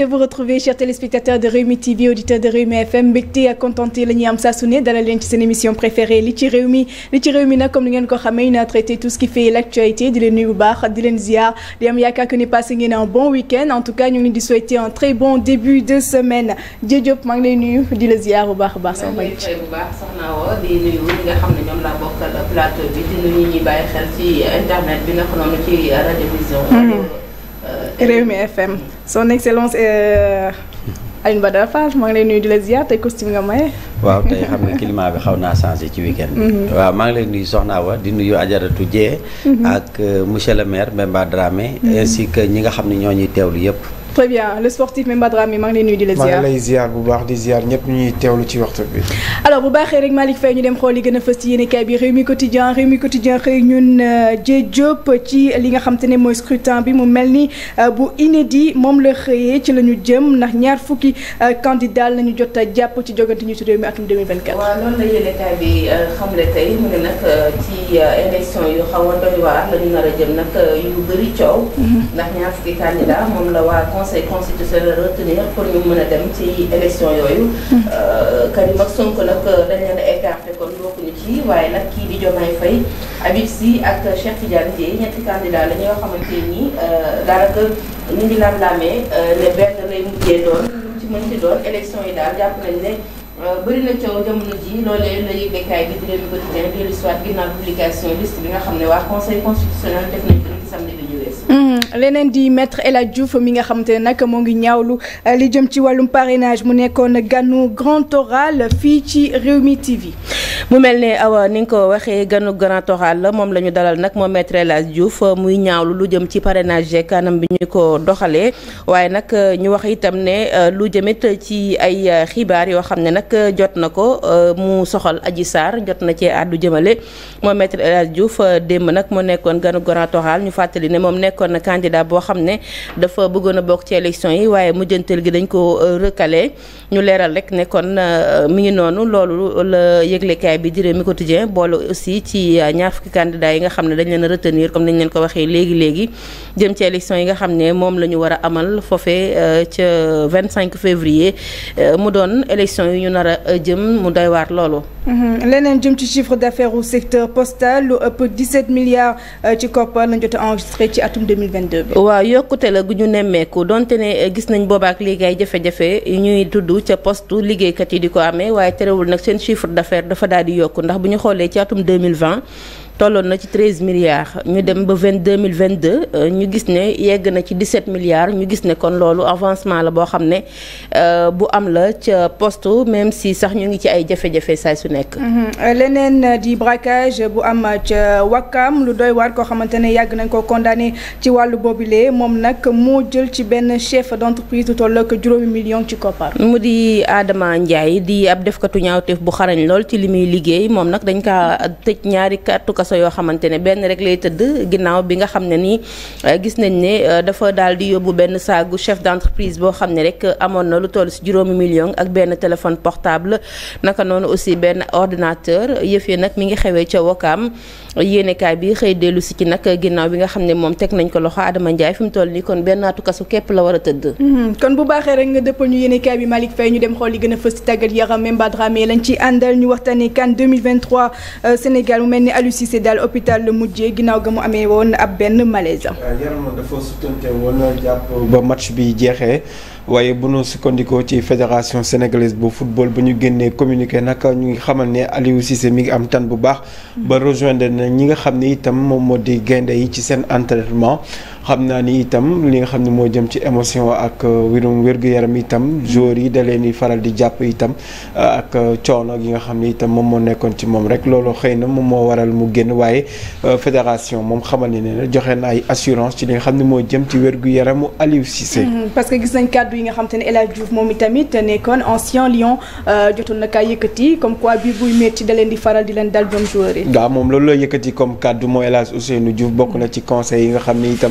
de vous retrouver chers téléspectateurs de Rewmi TV auditeurs de Rewmi FM mbégte ak contenté la ñuy am saa su ne dalal leen ci seen émission préférée li ci réew mi li ci réew comme ni traité tout ce qui fait l'actualité di leen nuyu bu baax di leen ziar di am yaakaar que ni passé ngeen un bon week en tout cas ñu ngi leen di un très bon début de semaine Dié Diop maa ngi lay nuyu ziar bu baax a baax. soxna Diop bu baax soxna Awa di nuyu Euh, Rewmi FM son excellence euh, Alioune Badara Fall maa ngi lay nuyu di la ziar tey costume nga maye. waaw tey xam nga climat bi xaw naa changé ci weekend mhm. waaw maa ngi lay nuyu Soxna Awa di nuyu Ajaratu Jee mhm. ak euh, monsieur le maire Mbemba Dramé mhm. ainsi que ñi nga xam ne ñoo ñuy teewlu yëpp. très bien le sportif Memba Dramé maa ngi lay nuyu di la ziar bu baax di ziar ñëpp ñuy teewlu ci waxtu bi. alors bu baaxee rek Malick Faye ñu dem xool li gën a fës ci yéenekaay bi Rewmi Quotidien Rewmi Quotidien xëy ñun euh, Dieng Diop ci li nga xam te ne mooy scrutin bi mu mel ni euh, bu inédit moom la xëyee ci la ñu jëm ndax ñaar fukki euh, candidat la ñu jot a jàpp ci jogante ñu ci réew mi atum 2024. waaw la yéenekaay bi xam tey mu ne nag ci élection yu xaw a doy waar a jëm nag yu bëri coow. Mhm. ndax ñaar conseil constitutionnel retenir pour ñu mën a dem ci élection yooyu. Mm-hmm. Euh, Karim ak Sonko nag euh, dañ leen a écarté kon bokkuñu ci waaye nag kii di Diomaye Faye Habib Sy ak Cheikh Tidiane Dièye ñetti candidat la ñoo xamante ni euh, daanaka ñu ngi lam-lamee ne benn lay mujjee doon ci mën ci doon élection yi daal jàpp nañ ne. bëri na coow jamono ji loolee la yëglekaay bi di leen quotidien dellu soit ginnaaw publication liste bi nga xam ne waa conseil constitutionnel def nañ leneen di maître El Hadj mi nga xamante ne nag moo ngi ñaawlu eh, li jëm ci wàllum parrainage mu nekkoon ganu grand oral fii ci réew Rewmi TV. mu mel ne awa ni nga ko waxee ganu grand oral la moom la ñu dalal nag moom maître El Hadj eh, muy ñaawlu lu jëm ci parenage yeeg anam bi ñu ko doxalee waaye nag eh, ñu wax itam ne lu jëmit ci ay xibaar yoo xam ne nag jot na ko mu soxal Adji saar jot na cee àddu jëmale moom maître El Hadj démb nag moo nekkoon ganu grand oral ñu fàttali ne moom nekkoon na candidat boo xam ne dafa bëggoon a bokk ci élection yi waaye mujjantal gi dañ ko euh, recalé ñu leeral rek ne kon euh, mi ngi noonu loolu la yëglekaay bi di Rewmi Quotidien boole aussi ci euh, ñaar fukki candidat yi nga xam ne dañ leen a retenir comme dañ leen ko waxee léegi léegi jëm ci élection yi nga xam ne moom la ñu war a amal foofee ca 25 février mu doon élection yi ñu nar jëm mu day waat loolu. Mm-hmm. leneen jëm ci chiffre d'affaires au secteur lu ëpp a 2022 bi. waaw yokkute la gu ñu nemmeeku donte ne eh, gis nañ boobaak léegi ay jafe-jafe ñuy tudd ca poste liggéeykat yi di ko amee waaye terewul nag seen chiffre d'affaires dafa daal di yokku ndax bu ñu xoolee ci atum 2020. tolloon na ci 13 milliards ñu dem ba 22 2022 eh, ñu gis ne yegg na ci 17 milliards ñu gis ne kon loolu avancement la boo xam ne eh, bu am la ca poste même si sax ñu ngi ci ay jafe-jafe saay su nekk. Mm-hmm. leneen di braquage bu am ca Wakam lu doy waar koo xamante ne yàgg nañ ko condamné ci wàllu boobule moom nag moo jël ci benn chef d'entreprise du toll ak juróomi million ci koppar. mu di Adama Ndiaye di ab defkatu ñaawteef bu xarañ lool ci li muy liggéey moom nag dañ kaa tëj ñaari kàttu kaso yoo xamante ne benn rek lay tëdd ginnaaw bi nga xam ne nii euh, gis nañ ne euh, dafa daal di yóbbu benn saagu chef d'entreprise boo xam ne rek amoon na lu toll si juróomi million ak benn téléphone portable naka noonu aussi benn ordinateur yëf nag mi ngi xewee ca Wakaam yéenekaay bi xëy dellu si ci nag ginnaaw bi nga xam ne moom teg nañ ko loxo. Adama Ndiaye fi mu toll nii kon benn naatu kasu képp la war a tëdd. Mhm. kon bu baaxee rek nga dëppal ñu yéene kaay bi Malick Faye ñu dem xool li gën a fës ci tàggat yaram Memba Dramé lañ ci àndal ñu waxtaanee CAN 2023 euh, Sénégal mu mel ni Aliou Cissé daal hôpital la mujjee ginnaaw ga mu amee woon ab benn malaise. Euh, yaram ba match bi jeexee. waaye bu ñu sukkandikoo ci fédération sénégalaise bu football bu ñu génnee communiqué nag ñu ngi xamal ne Aliou Cissé mi ngi am tan bu baax. Mhm. ba rejoindre na ñi nga xam ne itam moom moo di gaynde yi ci seen entraînement. xam naa ni itam li nga xam ne moo jëm ci émotion ak euh, wérum wér yaram itam joueurs yi da leen di faral di jàpp itam euh, ak euh, coono gi nga xam ni itam moom moo nekkoon ci moom rek loolu xëy na moom moo waral mu génn waaye fédération moom xamal ne ne joxe na ay assurance ci li nga xam ne moo jëm ci wér-gu-yaramu Aliou Cissé. Mm-hmm. parce gis nañ kàddu yi nga xam te ne El Hadj Diouf moom itamit nekkoon ancien Lion jotoon na kaa yëkkati comme quoi biir buy métti da leen di faral di leen dal ñoom yi. waaw moom loolu la yëkkati comme kàddu mooy El Hadj Ousseynou Diouf bokk na ci conseil yi nga xam ne itam.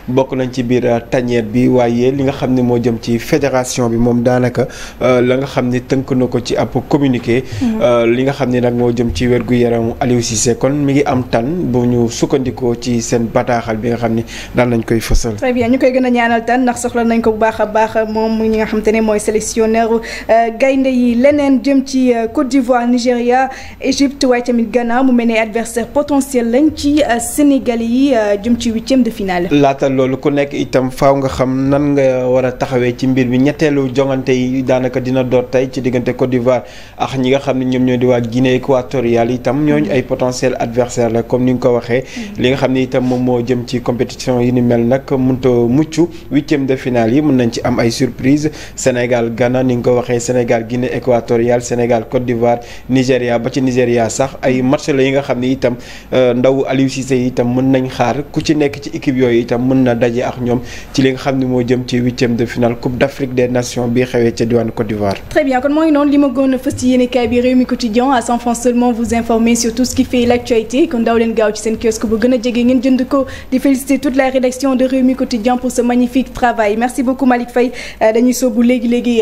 bokk nañ ci biir euh, tañeet bi waaye li nga xam ne moo jëm ci fédération bi moom daanaka euh, la nga xam ne tënk na ko ci ab communiqué. Mm-hmm. Euh, li nga xam ne nag moo jëm ci wér gu yaramu Aliou Cissé kon mi ngi am tan bu ñu sukkandikoo ci seen bataaxal bi nga xam ne daan nañ koy fësal. très bien ñu koy gën a ñaanal tan ndax soxla nañ ko bu baax a baax moom ñi nga xam te ne mooy sélectionneur gaynde yi leneen jëm ci Côte d'Ivoire Nigéria Égypte waaye tamit Ghana mu mel ne adversaire potentiel lañ ci Sénégal yi jëm ci huitième loolu ku nekk itam faw nga xam nan nga war a taxawee ci mbir bi ñetteelu jongante yi daanaka dina door tey ci diggante Côte d'Ivoire ak ñi nga xam ne ñoom ñoo di waa Guinée équatoriale itam ñooñu ay potentiel adversaire la comme ni nga ko waxee. Mm-hmm. li nga xam ne itam moom moo jëm ci compétition yi ni mel nag mënut mucc huitième de finale yi mën nañ ci am ay surprise Sénégal Ghana ni nga ko waxee Sénégal Guinée équatoriale Sénégal Côte d'Ivoire Nigéria ba ci Nigéria sax ay match la yi nga xam ne itam euh, ndaw Aliou Cissé mën nañ xaar ku ci nekk ci équipe yooyu itam mën na daje ak ñoom ci li xam ne moo jëm ci huitième de finale coupe d' Afrique nations bi xewee ca diwaan Côte d'Ivoire. très bien kon moo ngi noonu li ma gën a fës ci yéen bi réew mi quotidien à France seulement vous informer sur tout ce qui fait kon daaw leen gaaw ci seen kiosque bu gën a jege ngeen jënd ko di féliciter toute la rédaction de réew mi quotidien pour ce magnifique travail merci beaucoup Malick Faye euh, dañuy sóobu léegi léegi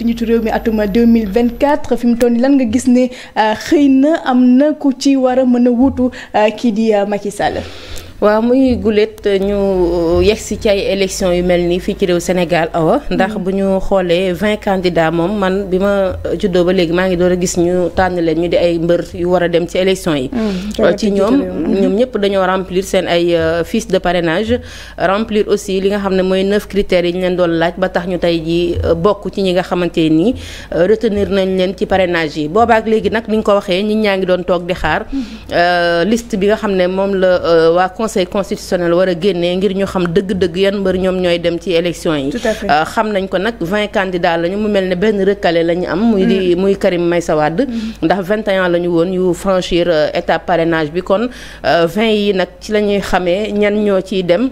wuutu njiitu réew mi atuma 2024 fi mu toll nii lan nga gis ne euh, xëy na am na ku ci war a mën a wuutu euh, kii di euh, Macky Sall. waaw muy gulet tamit ñu euh, yegg si ci ay élections yu mel nii fii ci réew Sénégal awa mm-hmm. ndax bu ñu xoolee vingt candidats moom man bi ma euh, juddoo ba léegi maa ngi doon a gis ñu tànn leen ñu di ay mbër yu war a dem ci élections yi. Mm-hmm. Euh, ci ñoom ñoom ñëpp dañoo remplir seen ay fiche de parrainage remplir aussi li nga xam ne mooy neuf critères yi ñu leen doon laaj ba tax ñu tey ji bokk ci ñi nga xamante nii retenir nañ leen ci parrainage yi boobaak léegi nag ni nga ko waxee ñi ñaa ngi doon toog di xaar mm-hmm. liste bi nga xam ne moom la waa conseil a génnee ngir ñu xam dëgg-dëgg yan mbër ñoom ñooy dem ci élection yi euh, xam nañ ko nag vingt candidats lañu mu mel ne benn recalé la ñu am muy di mm. muy Karim Meïssa Wade mm-hmm. ndax vingt et un la ñu woon yu franchir euh, état parrainage bi kon euh, vingt yi nag ci la ñuy xamee ñan ñoo ciy dem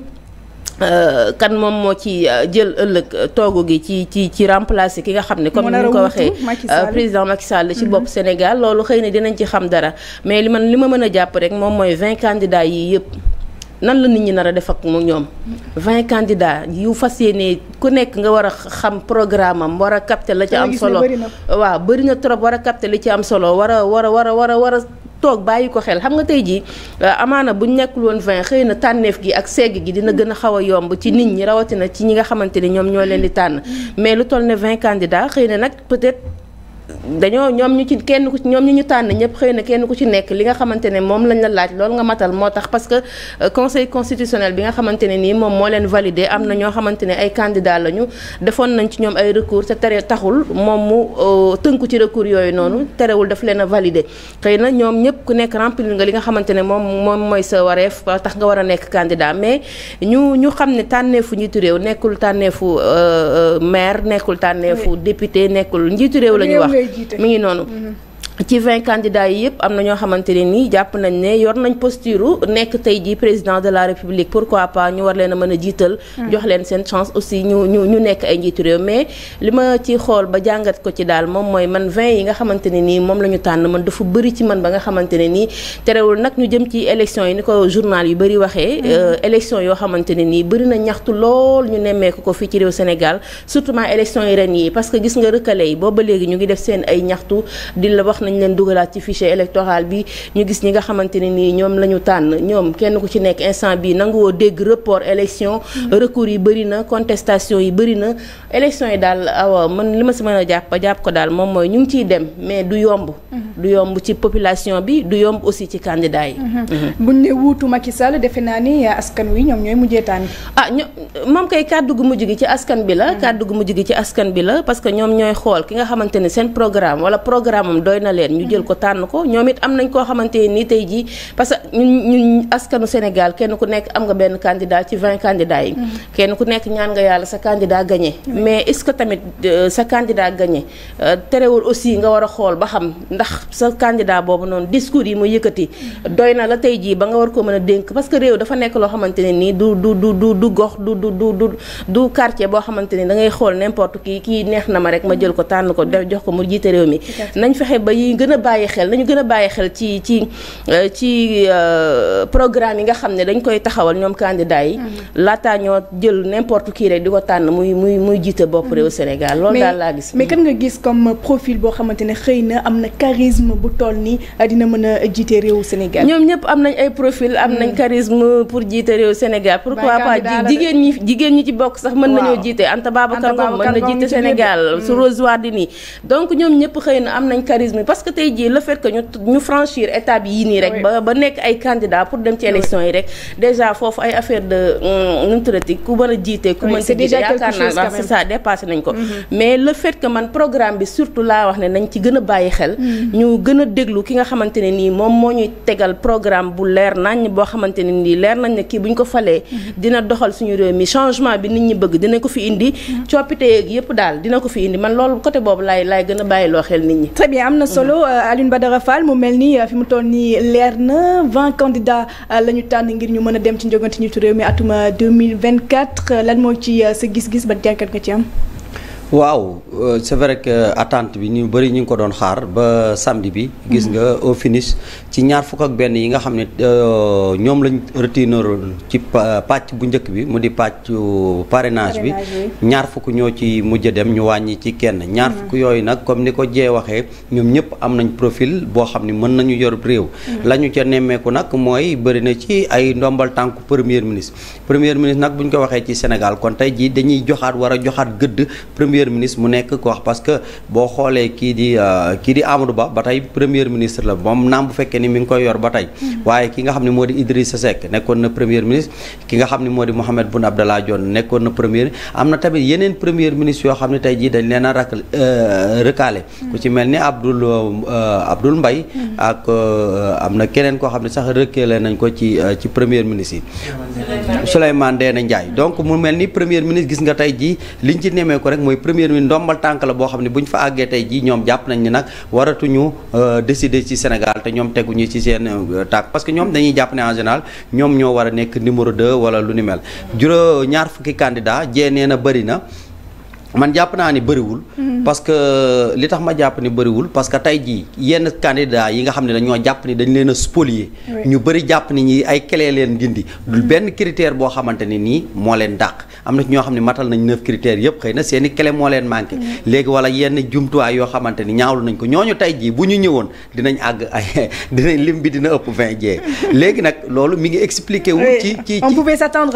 kan moom moo ci jël ëllëg toogu gi ci ci ci remplacer ki nga xam ne comme ni ñu ko waxee président Macky Sall ci mm-hmm. bopp Sénégal loolu xëy na dinañ ci xam dara mais li man li ma mën a jàpp rek moom mooy vingt candidats yi yëpp nan la nit ñi nar a def ak mu ñoom. 20 candidats yu fas yéene ku nekk nga war a xam programme am war a capter la ci am solo waa bëri na trop war a capter li ci am solo war a war a war a war a war a toog bàyyi ko xel xam nga tey jii euh, amaana bu ñu nekkul woon 20 xëy na tànneef gi ak segg gi dina gën a xaw a yomb ci nit ñi rawatina ci ñi nga xamante ni ñoom ñoo leen di tànn mm. mais lu toll ne 20 candidats xëy na nag peut-être. dañoo ñoom ñu ci kenn ku ñoom ñi ñu tànn ñëpp xëy na kenn ku ci nekk li nga xamante ne moom lañ la laaj loolu nga matal moo tax que euh, conseil constitutionnel bi nga xamante ne nii moom moo leen validé am na xamante ne ay candidat lañu defoon nañ ci ñoom ay recours te tere taxul moom mu euh, tënku ci recours yooyu noonu terewul daf leen a validé xëy na ñoom ñëpp ku nekk remplir nga li nga xamante ne moom moom mooy sa wareef tax nga war a nekk candidat mais ñu ñu xam ne tànneefu njiitu réew nekkul tànneefu euh, maire nekkul fu député nekkul njiitu réew la ñu wax koy jiite mi ngi noonu. Mm-hmm. ci vingt candidats yi yëpp am na ñoo xamante ne nii jàpp nañ ne yor nañ posture nekk tey jii président de la république pourquoi pas ñu war leen a mën a jiital. Hmm. jox leen seen chance aussi ñu ñu ñu nekk ay njiitu réew mais li ma ci xool ba jàngat ko ci daal moom mooy man vingt yi nga xamante ne nii moom la ñu tànn man dafa bëri ci man ba nga xamante ne nii terewul nag ñu jëm ci élection yi ni ko journal yu bëri waxee. Hmm. Euh, élection yoo xamante ne nii bëri na ñaxtu lool ñu nemmeeku ko fii ci réew Sénégal surtout élection yi ren yi parce que gis nga recalé yi booba léegi ñu ngi def seen ay ñaxtu di la wax nañ leen dugalaat ci fichier électoral bi ñu gis ñi nga xamante nii ñoom la tànn ñoom kenn ku ci nekk instant bi nanguwoo dégg report élection mm-hmm. recours yi bëri na contestation yi bëri na élection yi daal awa li ma si mën a jàpp jàpp ko daal moom mooy ñu ngi ciy dem mais du yomb mm-hmm. du yomb ci population bi du yomb aussi ci candidat yi mm-hmm. buñ ne wuutu Macky Sall defe naa ni askan wi ñoom ñooy mujjee tànn ah ño moom kay kàddu gu mujj gi ci askan bi la kàddu gu mujj gi leen ñu jël ko tànn ko ñoom it am nañ koo xamante nii tey jii parce que ñun ñun askanu Sénégal kenn ku nekk am nga benn candidat ci 20 candidats yi mm-hmm. kenn ku nekk ñaan nga yàlla sa candidat gagné mais est-ce que tamit euh, sa candidat gagné euh, terewul aussi nga war a xool ba xam ndax sa candidat boobu noonu discours yi mu yëkkati mm-hmm. doy na la tey jii ba nga war ko mën a dénk parce que réew dafa nekk loo xamante ne nii du du du du du gox du du du du quartier boo xamante ni da ngay xool n'importe kii kii neex na ma rek ma mm-hmm. jël ko tànn ko def jox ko mu jiite réew mi nañ fexe ba yi yi gën a bàyyi xel nañu gën a bàyyi xel ci ci euh, ci euh, programme yi nga xam ne dañ koy taxawal ñoom candidat yi mm-hmm. laataa ñoo jël n'importe qui di ko tànn muy muy muy jiite bopp réew mm-hmm. Sénégal loolu daal laa gis mais kan nga gis comme profil boo xamante ne xëy na am na charisme bu toll nii dina mën a jiite réewu Sénégal ñoom ñëpp am nañ ay profil am nañ mm. charisme pour jiite réew Sénégal pourquoi pas jigéen ñi jigéen ñi ci bokk sax mën nañoo jiite Anta Babacar Ngom Sénégal su mm. Rose Wardini donc ñoom ñëpp xëy na am nañ parce que tey jii le fait que ñu ñu franchir étape yii nii rek. ba ba nekk ay candidats pour dem ci élection yi rek. déjà foofu ay affaire de euh, nu ku mën a jiite. ku mën a jiite yaakaar naa c'est nañ ko. Mm-hmm. mais le fait que man programme bi surtout laa wax ne nañ ci gën a bàyyi xel. Mm-hmm. ñu gën a déglu ki nga xamante ne nii moom moo ñuy tegal programme bu leer nañ boo xamante ne nii leer nañ ne kii bu ko falee. Mm-hmm. dina doxal suñu réew mi changement bi nit ñi bëgg dina ko fi indi. coppite yeeg yëpp daal dina ko fi indi man loolu côté boobu laay laay gën a nit ñi. am na solo euh, Alioune Badara Fall mu mel nii euh, fi mu toll nii leer na vingt candidats euh, la ñu tànn ngir ñu mën a dem ci njogante ñu réew mi atuma deux mille vingt quatre lan moo ci sa gis-gis ba jànkat nga ci am. waaw euh, c'est vrai que euh, attente bi ñu bëri ñu ngi ko doon xaar ba samedi bi. Mm-hmm. gis nga au finish ci ñaar fukk ak benn yi nga xam ne euh, ñoom lañ retineroon ci pàcc bu njëkk bi mu di pàccu parenage bi. ñaar fukk ñoo ci mujj dem ñu wàññi ci kenn. ñaar mm-hmm. fukk yooyu nag comme ni ko jee waxee ñoom ñëpp am nañ profil boo xam ne mën nañu yor réew. Mm-hmm. la ñu ca nemmeeku nag mooy bëri na ci ay ndombal tànku premier ministre. premier ministre nag bu ñu ko waxee ci Sénégal kon tey jii dañuy joxaat war a joxaat gëdd premier ministre mu nekk ko wax parce boo xoolee kii di euh, kii Ba ba tey premier ministre la moom naam bu fekkee ni mi ngi koy yor ba tey mm-hmm. waaye ki nga xam ne moo di Idrissa Seck nekkoon na premier ministre ki nga xam ne moo di Mohamed Boun Abdallah Dionne nekkoon na premier am na tamit yeneen premier ministre yoo xam ne tey jii dañ leen a rak euh, mm-hmm. ku ci mel ni Abdoul euh, Abdoul Mbaye mm-hmm. ak am na keneen koo xam ne sax recalé nañ ko ci ci premier ministre yi première mi ndombal tànk la boo xam ne bu ñu fa àggee tey jii ñoom jàpp nañ ni nag waratuñu euh, décider ci Sénégal te ñoom teguñu ci seen euh, tànk parce que ñoom dañuy jàpp ne en ñoom ñoo war a nekk numéro 2 wala lu ni mel juróom ñaar fukki candidat jee nee na bëri na man jàpp naa ni bëriwul. Mm-hmm. parce que li tax ma jàpp ni bëriwul parce que tey jii yenn candidat yi nga xam ne dañoo jàpp ni dañ leen a spolier. ñu bëri jàpp ni ñi ay clé leen dindi. du mm-hmm. benn critère boo xamante ne nii moo leen dàq am na ñoo xam ne matal nañ neuf critères yëpp xëy na seeni i moo leen manqué. Mm-hmm. léegi wala yenn jumtuwaay yoo xamante ni ñaawlu nañ ko ñoo ñu tey jii bu ñu ñëwoon dinañ àgg ay dinañ lim bi dina ëpp vingt jee léegi nag loolu mi ngi expliqué wu. ci ci ci on pouvait s'attendre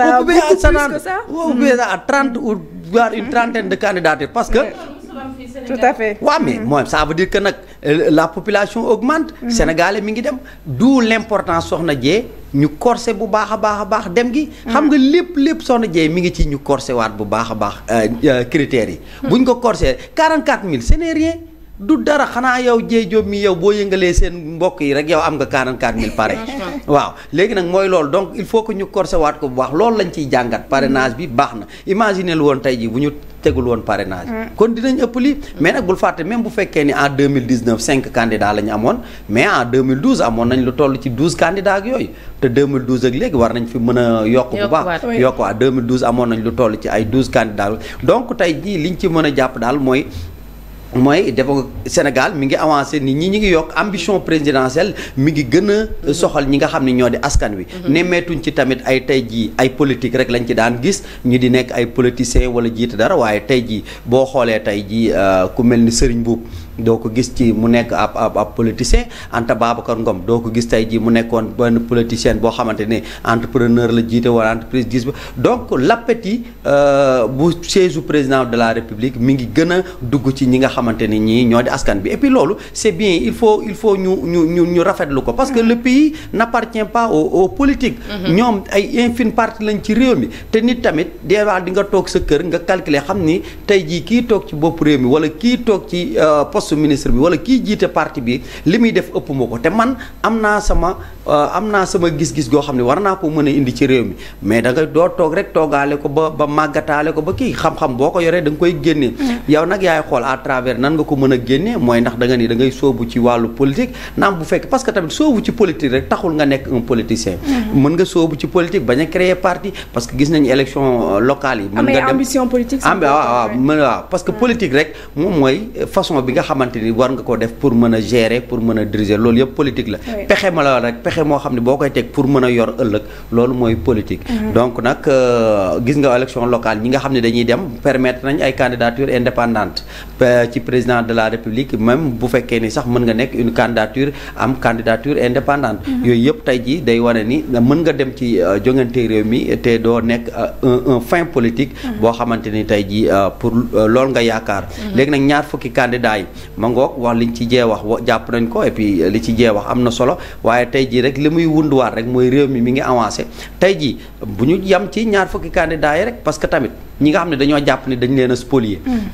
de candidature parce que. tout à fait. waaw mais mooy ça veut dire que nag euh, la population augmente. Mm-hmm. Sénégalais mi ngi dem d'où l'importance soxna jee ñu corsé bu baax a baax a baax dem gi. Mm-hmm. xam nga lépp lépp soxna jee mi ngi ci ñu corsé waat bu baax a baax euh, euh, critères yi. Mm-hmm. buñ ko corsé 44000 ce n'est rien. du dara xanaa yow Dieye Diop mi yow boo yëngalee seen mbokk yi rek yow am nga 44000 pare. waaw léegi nag mooy loolu donc il faut que ñu corsé waat ko bu baax loolu lañ ciy jàngat parrainage bi baax na imaginer lu woon tey jii bu ñu tegul woon parrainage. Mm. kon dinañ ëpp li mais nag bul fàtte même bu fekkee ni en 2019 5 candidats la ñu amoon mais en 2012 amoon nañ lu toll ci 12 candidats ak yooyu te 2012 ak léegi war nañ fi mën a yokk bu baax yokk waat amoon nañ lu toll ci ay 12 candidats donc tey jii liñ ci mën a jàpp daal mooy mooy dafa Sénégal mi ngi avancé nit ñi ñu ngi yokk ambition présidentielle mi ngi gën a soxal ñi nga xam ne ñoo di askan wi mhm. nemmeetuñ ci tamit ay tey jii ay politique rek lañ ci daan gis ñu di nekk ay politiciens wala jiite dara waaye tey jii boo xoolee tey jii euh, ku mel ni Serigne Mboup doo ko gis ci mu nekk ab ab ab politicien Anta Babacar Ngom doo ko gis tey jii mu nekkoon benn politicien boo xamante ne entrepreneur la jiite wala entreprise gis ba donc l'appétit euh, bu siège u président de la république mi ngi gën a dugg ci ñi nga xamante ni ñii ñoo di askan bi et puis loolu c'est bien il faut il faut ñu ñu ñu ñu rafetlu ko parce que mm-hmm. le pays n'appartient pas aux aux politiques mm-hmm. ñoom ay infime partie lañ ci réew mi te nit tamit des fois di nga toog sa kër nga calculer xam ni tey jii kii toog ci bopp réew poste ministre bi wala kii jiite parti bi li muy def ëpp ko te man am naa sama euh, am naa sama gis-gis goo xam ne war naa ko mën a indi ci réew mi mais da nga doo toog rek toogaale ko ba ba màggataale ko ba kii xam boo ko yoree da nga koy génnee mm. yow nag yaay xool à travers nan nga ko mën a génnee mooy ndax da nga ni da ngay soobu ci wàllu politique naam bu fekk parce que tamit soobu ci politique taxul nga nekk un politicien mm. mën nga soobu ci politique bañ a créer parti parce que gis nañu élection euh, locale yi mën nga dem ambition politique am waaw parce que mm. politique rek moom mooy façon bi nga xamante ni war nga ko def pour mën a gérer pour mën a diriger loolu yëpp politique la pexe ma la rek pexe moo xam ne boo koy teg pour mën a yor ëllëg loolu mooy politique mhm. donc nag euh, gis nga élection locale ñi nga xam ne dañuy dem permettre nañ ay candidature indépendante ci président de la république même bu fekkee ni sax mën nga nekk une candidature am candidature indépendante mhm. yooyu yëpp tey jii day wane ni mën nga dem ci euh, jongante réew mi te doo nekk euh, un fin politique mhm. boo xamante ni tey jii pour loolu yaakaar ma ngoog wax liñ ci jee wax jàpp nañ ko et li ci jee wax am na solo waaye tey jii rek li muy wunduwaat rek mooy réew mi mi ngi avancé tey jii bu ñu yam ci ñaar fukki candidat yi rek parce que tamit ñi nga xam ne dañoo jàpp ne dañ leen a spolier mm.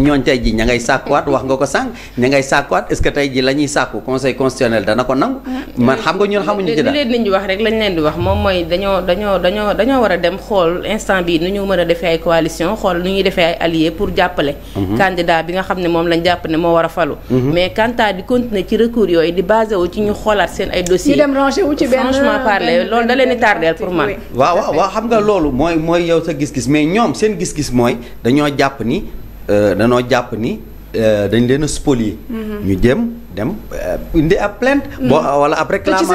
ñooñ tey ji ña ngay sàkkuwaat wax nga ko sànq ña ngay sàkkuwaat est tey ji la ñuy sàkku conseil constitutionnel dana ko nangu man xam nga ñun xamuñu ci di wax rek lañ leen di wax moom mooy dañoo dañoo dañoo dañoo a dem xool instant bi nu ñu mën a defee ay coalition xool nu ñuy defee ay allié pour jàppale mhm. candidat bi nga xam ne moom lañ jàpp ne moo war a falu mhm. mais quant à di continuer ci yooyu di basé wu ci ñu xoolaat seen ay dossier franchement parler loolu da leen di tardeel pour man waaw nga loolu mooy mooy yow sa gis-gis mais ñoom seen gis-gis mooy dañoo jàpp nii Euh, danoo jàpp ni euh, dañ leen a mm-hmm. ñu jëm dem euh, indi ab plainte mm-hmm. boo euh, wala ab réclamation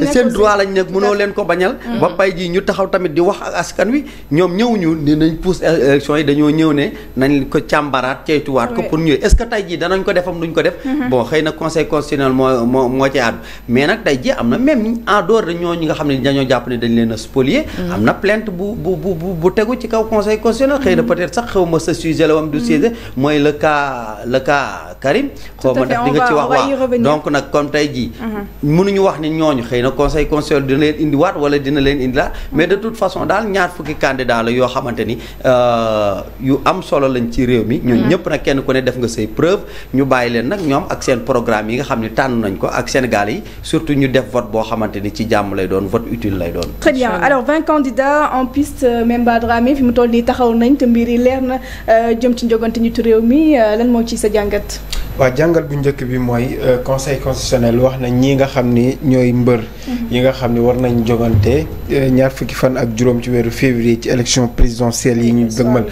te seen droit lañ nekk mënoo leen ko bañal mm-hmm. ba pay ji ñu taxaw tamit di wax ak askan wi ñoom ñëwuñu ne nañ pousse e-, élection yi dañoo ñëw ne nañ ko càmbaraat ceytuwaat ko pour ñëw est-ce que tey jii danañ ko defam duñ ko def mm-hmm. bon xëy na conseil constitutionnel moo moo moo ci àddu mais nag tey jii am na même en dehors de ñooñu nga xam ne dañoo jàpp ne dañ leen a spolier am na plainte bu bu bu bu tegu ci kaw conseil constitutionnel droit donc nag comme tey jii. Uh-huh. ñu wax ni ñooñu xëy na conseil constitutionnel dina leen indiwaat wala dina leen indilaat uh-huh. mais de toute façon daal ñaar fukki candidat la yoo xamante ni euh, yu am solo lañ ci réew mi. ñun uh-huh. ñëpp nag kenn ku ne def nga say preuve ñu bàyyi leen nag ñoom ak seen programme yi nga xam ne tànn nañ ko ak Sénégal yi surtout ñu def vote boo xamante ni ci jàmm lay doon vote utile lay doon. très bien alors 20 candidats en piste euh, Memba Dramé fi mu toll nii taxaw nañ te mbir yi leer na euh, jëm ci njogante ti réew mi lan moo ci sa jàngat. waaw jàngat bu njëkk bi mooy. tey euh, conseil constitutionnel wax na ñi nga xam ni ñooy mbër. ñi mhm. nga xam ni war nañ jogante euh, ñaar fukki fan ak juróom ci weeru février ci élection présidentielle yi ñu dëgmal.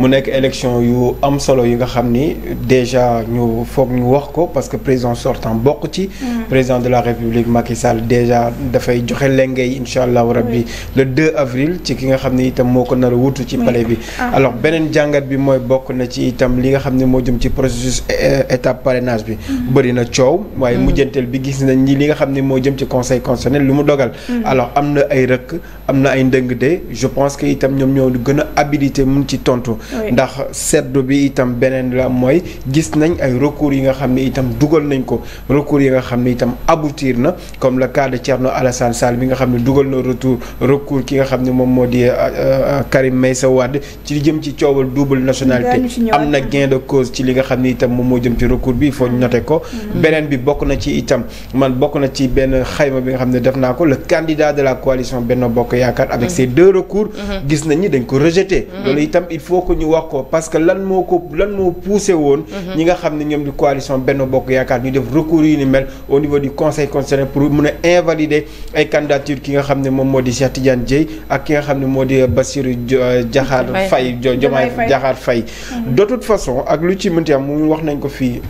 mu nekk élection yu am solo yi nga xam ni déjà ñu foog ñu wax ko parce que président sortant bokk ci. Mhm. président de la république Macky Sall déjà dafay joxe lengay incha allahu rabbi le 2 avril ci ki nga xam ni itam moo ko nara a wutu ci palais bi. Ah. alors beneen jàngat bi mooy bokk na ci itam li nga xam ni moo jëm ci processus euh, étape parrainage bi mhm. coow. waaye hmm. mujjanteel bi gis nañ ni li nga xam ne moo jëm ci conseil constitutionnel lu mu dogal. Hmm. alors am na ay rëkk am na ay ndëng de je pense que itam ñoom ñoo gën a habilité ci tontu. ndax seddu bi itam beneen la mooy gis nañ ay recours yi nga xam ne itam dugal nañ ko recours yi nga xam ne itam aboutir na comme le cas de Thierno Alassane bi nga xam ne dugal na retour recours ki nga xam ne moom moo di euh, euh, Karim Meïssa Wade ci li jëm ci coowal double nationalité. am na gain de cause ci li nga xam ne itam moom moo jëm ci recours bi foo faut hmm. ko. beneen bi bokk na ci itam man bokk na ci benn xayma bi nga xam ne def naa ko la candidat de la coalition benn Bokk Yaakaar avec ces mm. deux recours mm-hmm. gis nañ ni dañ ko rejeté mm-hmm. loolu itam il faut que ñu wax ko parce que lan moo ko lan moo poussé woon mm-hmm. ñi nga xam ne ñoom di coalition benn Bokk Yaakaar ñu def recours yi ni mel au niveau du conseil constitutionnel pour mun a invalider ay candidature ki nga xam ne moom moo di Cheikh Tidiane Dieye ak ki nga xam ne moo di Bassirou euh, Diakhar Faye Diomaye Diakhar Faye de toute façon ak lu ci mënti wax nañ ko fii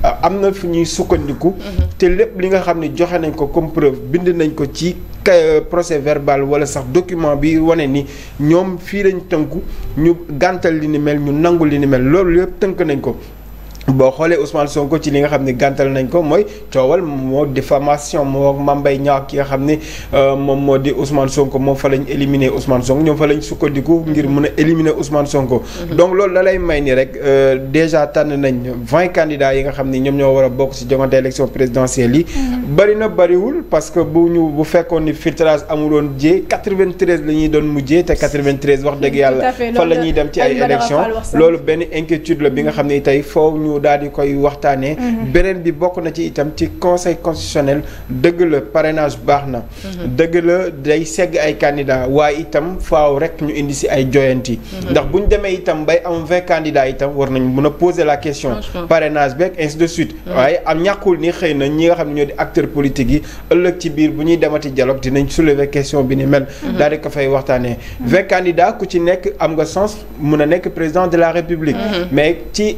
fàttaliku. te lépp li nga xam ne joxe nañ ko comme bind nañ ko ci euh, procès verbal wala sax document bi wane ni ñoom fii lañ tënku ñu gàntal li ni mel ñu nangu li ni loolu lépp tënk nañu ko. boo xoolee Ousmane Sonko ci li nga xam ne gàntal nañ ko mooy coowal moo diffamation moo Mame Mbaye Niang ki nga xam ni euh, moom moo di Ousmane Sonko moom fa lañ éliminer Ousmane Sonko ñoom fa lañ sukkandiku ngir mën a éliminer Ousmane Sonko. Mhm. donc loolu la lay may ni rek euh, déjà tànn nañ vingt candidats yi nga xam ne ñoom ñoo war a bokk ci joŋante élection présidentielle yi. Mhm. bari na bariwul parce que bu ñu bu fekkoon ni filtrage amuloon jee 93 la ñuy doon mujjee te 93 wax dëgg yàlla. fa la ñuy dem ci ay élections loolu benn inquiétude bi nga xam ne ñu daal di koy waxtaanee. Mhm. beneen bi bokk na ci itam ci conseil constitutionnel dëgg la parrainage baax na. Mhm. dëgg la day segg ay candidats waaye itam faaw rek ñu indi si ay joyanti. Mhm. ndax bu ñu demee itam bay am vingt candidats itam war nañu mun a poser la question. parrainage beeg ainsi de suite. waaye am ñàkkul ni xëy na ñi nga xam ne ñoo di acteurs politiques yi ëllëg ci biir bu ñuy demati dialogue dinañ soulever question bi ni mel. daal di ko fay waxtaanee. vingt candidats ku ci nekk am nga sens mun a nekk président de la république. mais ci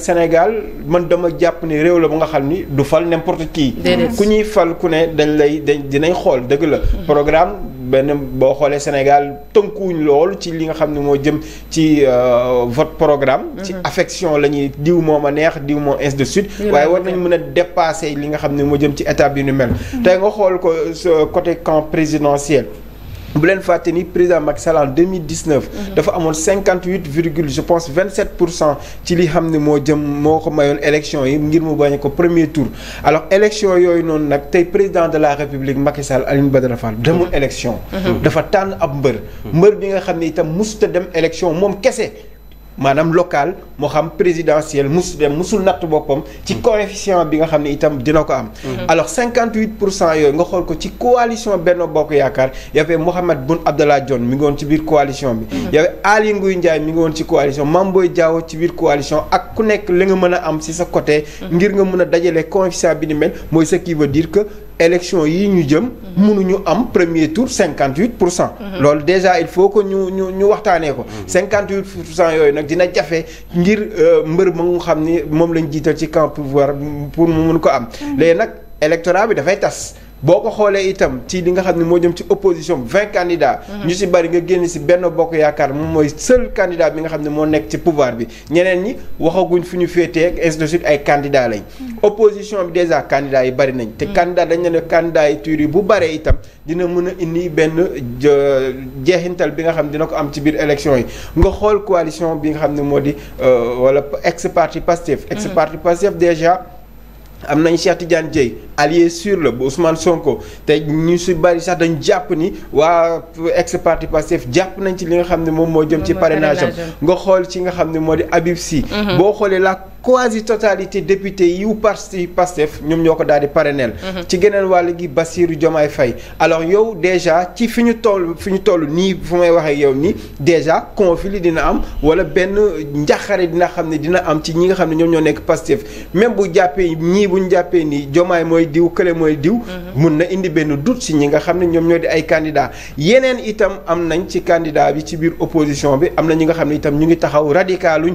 Sénégal man dama jàpp ni réew la bu nga xam ni du fal n'importe qui ku ñuy fal ku ne dañ lay dañ dinañ xool dëgg la mm-hmm. programme benn boo xoolee Sénégal tënkuwuñ lool ci li nga xam ne moo jëm ci euh, vote programme mm-hmm. ci affection la ñuy diw moom ma neex diw moo ainsi de suite waaye war nañ mën a dépasser li nga xam ne moo jëm ci état bi nu mel mm-hmm. tey nga xool ko côté camp présidentiel bu leen fàtte ni président Macky Sall en 2019. Mhm. dafa amoon 58 virgule je pense 27 pour cent ci li xam ne moo jëm moo ko mayoon élection yi ngir mu bañ ko premier tour. alors élection yooyu noonu nag tey président de la république Macky Sall Alioune Badara Fall demul mhm. élection. Mhm. dafa tànn ab mbër. mbër bi nga xam ni itam mosut a dem élection moom kese. maanaam local moo xam présidentiel mus dem musul natt boppam ci mm. coefficient bi nga xam ne itam dina ko am mm. alors 58 pour cent yooyu nga xool ko ci coalition benn Bokk Yaakaar y'avait Mahammed Boun Abdallah Dionne mi ngi woon ci biir coalition bi mm. y'avait Aly Ngouille Ndiaye mi ngi woon ci coalition Mame Boye ci biir coalition ak ku nekk li nga mën a am si sa côté ngir nga mën a dajale coefficient bi ni mel mooy sa qui diir dire élection yi ñu jëm munuñu am premier tour cinquante huit pour cent mhm. loolu déjà il faut que ñu ñu ñu waxtaanee ko mhm. cinquante huit pour cent yooyu nag dina jafe ngir euh, mbër ma xam ni moom lañ jiital ci camp pouvoir pour mu mun ko am mhm. léegi nag électorat bi dafay tas boo ko xoolee itam ci li xam ne moo jëm ci opposition vingt candidats. Mhm. ñu si bari nga génn si benn bokk yaakaar moom mooy seul candidat bi nga xam ne moo nekk ci pouvair bi ñeneen ñi waxaguñ fu ñu féetee ak ainsi ay candidats lañ. Mhm. opposition bi dèjà candidats yi bari nañ. te mhm. candidat dañ ne ne candidature yi bu baree itam dina mën a indi benn jeexintal bi nga xam dina ko am ci biir élection yi nga xool coalition bi nga xam ne moo di euh, wala ex parti Pastef. ex parti dèjà. am nañ Cheikh Tidiane Dieye allié sur la bu Ousmane Sonko te ñu si bari sax dañ jàpp ni waa ex parti Pastef jàpp nañ ci li nga xam ne moom moo jëm ci parrainage am nga xool ci nga xam ne moo di abib si mhm. boo xoolee la quasi totalité député yu parti Pastef ñoom ñoo ko daal di parrainel mhm. ci geneen wàll gi Bassirou Diomaye Faye alors yow déjà ci fi ñu toll fi ñu toll nii fu may waxee yow nii déjà conflit dina am wala benn njaxare dina xam ne dina am ci ñi nga xam ne ñoom ñoo nekk Pastef même bu jàppee ñii bu ñu jàppee nii Diomaye mooy diw kële mooy diw mhm. mun na indi benn doute ci ñi nga xam ne ñoom ñoo di ay candidat yeneen itam am nañ ci candidat bi ci biir opposition bi am na ñi nga xam ne itam ñu ngi taxaw radicaluñ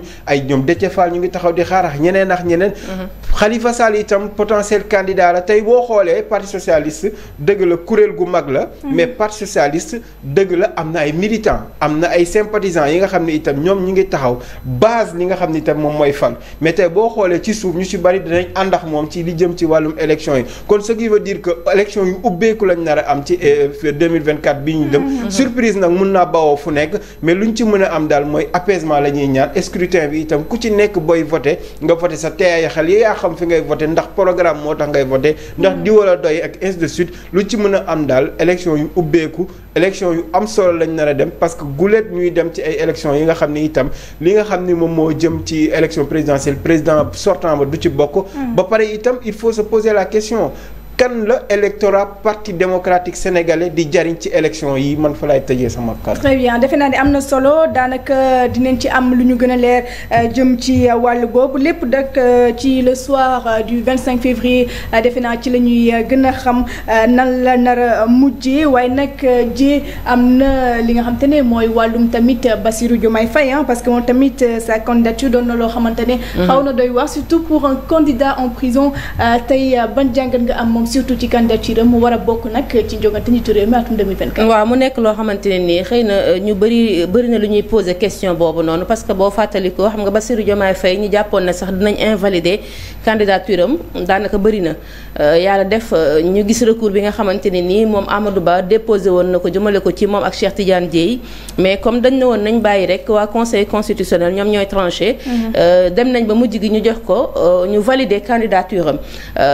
Sarr ak ñeneen ak ñeneen. Mhm. Khalifa Sall itam potentiel candidat la tey boo xoolee parti socialiste dëgg la kuréel gu mag la. Mhm. mais parti socialiste dëgg la am na ay militants am na ay sympathisants yi nga xam ne itam ñoom ñi ngi taxaw base li nga xam ne itam moom mooy fan mais tey boo xoolee ci suuf ñu ci bari dinañ ànd ak moom ci li jëm ci wàllum élection yi kon ce qui veut dire que élection yu ubbeeku lañ nar a am ci 2024 euh, bi ñu dem. Mhm. surprise nag mun naa bawoo fu nekk mais lu ñu ci mën a am daal mooy apaisement la ñuy ñaan scrutin bi itam ku ci nekk booy voté nga voté sa teeyaay xel yi yaa xam fi ngay voté ndax programme moo tax ngay voté ndax mm. di wala doy ak ainsi de suite lu ci mën a am daal élection yu ubbeeku élection yu am solo lañ nar a dem parce que guleet ñuy dem ci ay élection yi nga xam ni itam li nga xam ni moom moo jëm ci élection présidentielle président sortant ba du ci bokk mm. ba pare itam il faut sa poser la question kan la électorat parti démocratique sénégalais di jariñ ci élection yi man fa laay tëjee sama kàddu. très bien defe naa ne am na solo daanaka dinañ ci am lu ñu gën a leer euh, jëm ci euh, wàll boobu lépp dak euh, ci le soir du cinq février defe naa ci la ñuy gën a xam nan la nar a mujjee waaye nag ji am na li nga xam te ne mooy wàllum tamit Bassirou Diomaye Faye parce que moom tamit sa candidature doon na loo xamante ne. Mm-hmm. xaw na doy wax surtout pour un candidat en prison moom surtout ci candidature mu war a bokk nag ci njongante njiitu réew mi atum 2024. waaw mu nekk loo xamante ne nii xëy na euh, ñu bëri bëri lu ñuy poser question boobu noonu parce que boo fàttalikoo xam nga Bassirou Diomaye Faye ñi jàppoon na sax dinañ invalider am daanaka bëri na euh, yàlla def euh, ñu gis recours bi nga xamante ne nii moom Amadou Ba déposé woon na ko jëmale ko ci moom ak Cheikh Tidiane Dièye mais comme dañ ne woon nañ bàyyi rek waa conseil constitutionnel ñoom ñooy tranché. Mhm. dem nañ ba mujj gi ñu jox ko ñu valider candidature am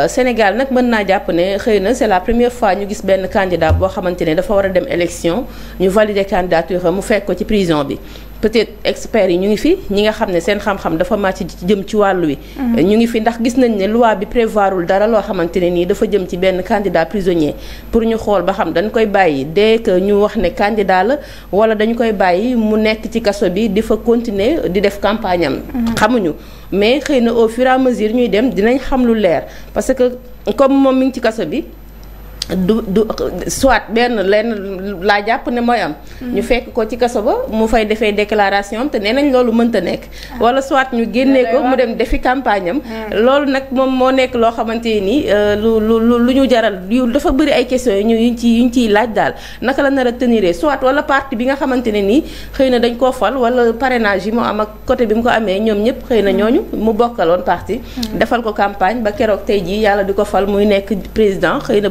Sénégal nag mën naa jàpp jàpp ne xëy la première fois ñu gis benn candidat boo xamante ne dafa war a dem élection ñu valider candidature mu fekk ko ci prison bi peut-être experts yi ñu ngi fi ñi xam ne seen xam dafa màcc jëm ci wàllu wi. Mhm. ñu ngi fi ndax gis nañ ne loi bi prévoirul dara loo xamante ne nii dafa jëm ci benn candidat prisonnier pour ñu xool ba xam dañ koy bàyyi dès que ñu wax ne candidat la wala dañu koy bàyyi mu nekk ci kaso bi di fa continuer di def campagne am. Mhm. xamuñu mais xëy na au fur et ñuy dem dinañ xam lu leer parce que. comme moom mi ngi ci kase bi du du soit benn lenn laa jàpp ne mooy am. Hmm. ñu fekk ko ci kaso ba mu fay defee déclaration te nee nañ loolu mënta nekk. Ah. wala soit ñu génnee ko mu dem defi campagne hmm. loolu nag moom moo nekk loo xamante ni euh, lu lu lu ñu jaral yu dafa bëri ay questions yu ñu yu ñu ciy yu ñu ciy laaj daal naka la nara a soit wala parti bi nga xamante ne nii xëy na dañ koo fal wala parrainage yi mu am ak coté bi mu ko amee ñoom ñëpp xëy na hmm. ñooñu mu bokkaloon parti. defal ko campagne ba keroog di ko fal nekk président xëy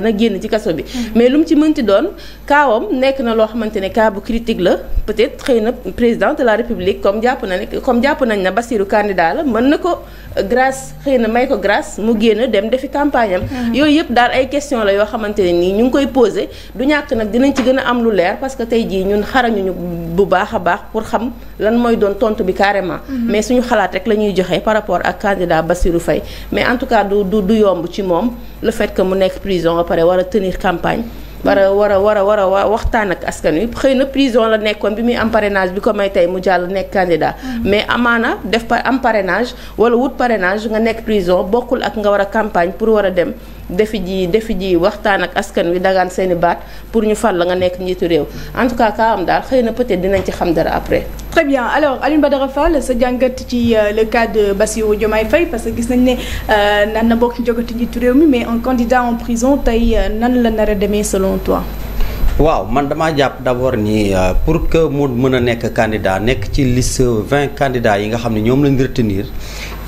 dina génn ci kaso bi mais lu mu ci mënti doon kaawam nekk na loo xamante ne cas bu la peut-être xëy na président de la république comme jàpp na comme jàpp nañ na Bassirou candidat la mën na ko euh, grâce xëy na may ko grâce mu génn dem defi campagne am yooyu yëpp daal ay question la yoo xamante ne nii ñu ngi koy posé du ñàkk nag dinañ ci gën a am lu leer parce que tey jii ñun xarañuñu bu baax a baax pour xam lan mooy doon tontu bi carrément mais suñu xalaat rek la ñuy joxe par rapport ak candidat Bassirou Faye mais en tout cas du du du yomb ci moom le fait mu nekk prison ba pare war a tenir campagne. war a war a war a war a waxtaan ak askan wi xëy na prison la nekkoon bi muy am parrainage bi ko may tey mu jàll nekk candidat. Mm-hmm. mais amaana def par am parrainage wala wut parrainage nga nekk prison bokkul ak nga war a campagne pour war a dem. defi ji defi ji waxtaan ak askan wi dagaan seen i baat pour ñu fal la nga nekk njiitu réew en tout cas kaa am daal xëy na peut-être dinañ ci xam dara après. très bien alors Alioune Badara Fall sa jàngat ci euh, le cas de Bassirou Diomaye Faye parce que gis nañ ne euh, nan na bokk ci jogati njiitu réew mi mais un candidat en prison tey euh, nan la nar a demee selon toi. waaw man damaa jàpp d'abord ni pour que mu mën a nekk candidat nekk ci liste vingt candidats yi nga xam ne ñoom lañ retenir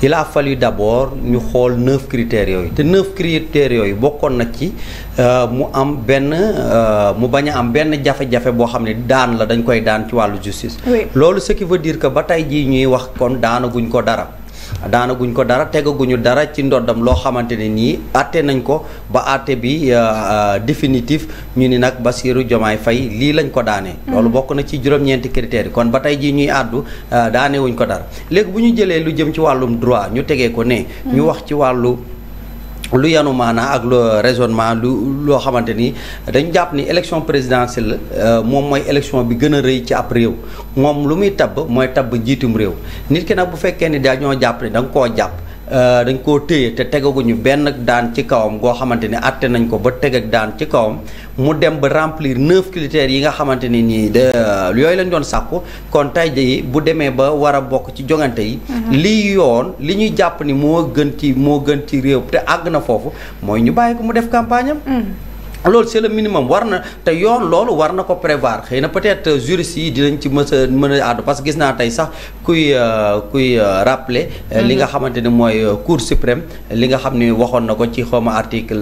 il fal fallu d'abord ñu xool neuf critères yooyu te neuf critères yooyu bokkoon na ci euh, mu am benn euh, mu bañ a am benn jafe-jafe boo xam ne daan la dañ koy daan ci wàllu justice. loolu ce qui veut dire que ba tey jii ñuy wax kon daanaguñ ko dara. daanaguñ ko dara tegaguñu dara ci ndoddam loo xamante ne nii àtte nañ ko ba àtte bi euh, euh, définitif ñu ni nag Bassirou Diomaye Faye lii lañ ko daanee mm-hmm. loolu bokk na ci juróom-ñeenti critères yi kon ba tey jii ñuy àddu euh, daanewuñ ko dara léegi bu ñu jëlee lu jëm ci wàllum droit ñu tegee ko ne ñu mm-hmm. wax ci wàllu lu yanu maanaa ak lu raisonnement lu loo xamante ni dañu jàpp ni élection présidentielle euh, moom mooy élection bi gën a rëy ci ab réew moom lu muy tabb mooy tabb jiitum réew nit ki nag bu fekkee ni dañoo jàpp ni da koo jàpp Euh, dañ koo téye te tegaguñu benn daan ci kawam goo xamante ni àtte nañ ko ba teg daan ci kawam mu dem ba remplir neuf critères yi nga xamante ni nii euh, yooyu lañ doon sàkku kon tey jii bu demee ba war a bokk ci jongante yi mm-hmm. li yoon li ñuy jàpp ni moo gën ci moo gën ci réew te àgg na foofu mooy ñu bàyyi ko mu def campagne loolu c'est le minimum war na te yoon loolu war na ko prévoir xëy na peut-être juristes yi dinañ ci mës a mën a àddu parce que gis naa tey sax kuy euh, kuy euh, rappeler. Euh, li nga mhm. xamante ni mooy cour suprême li nga xam ne waxoon na ko ci xawma article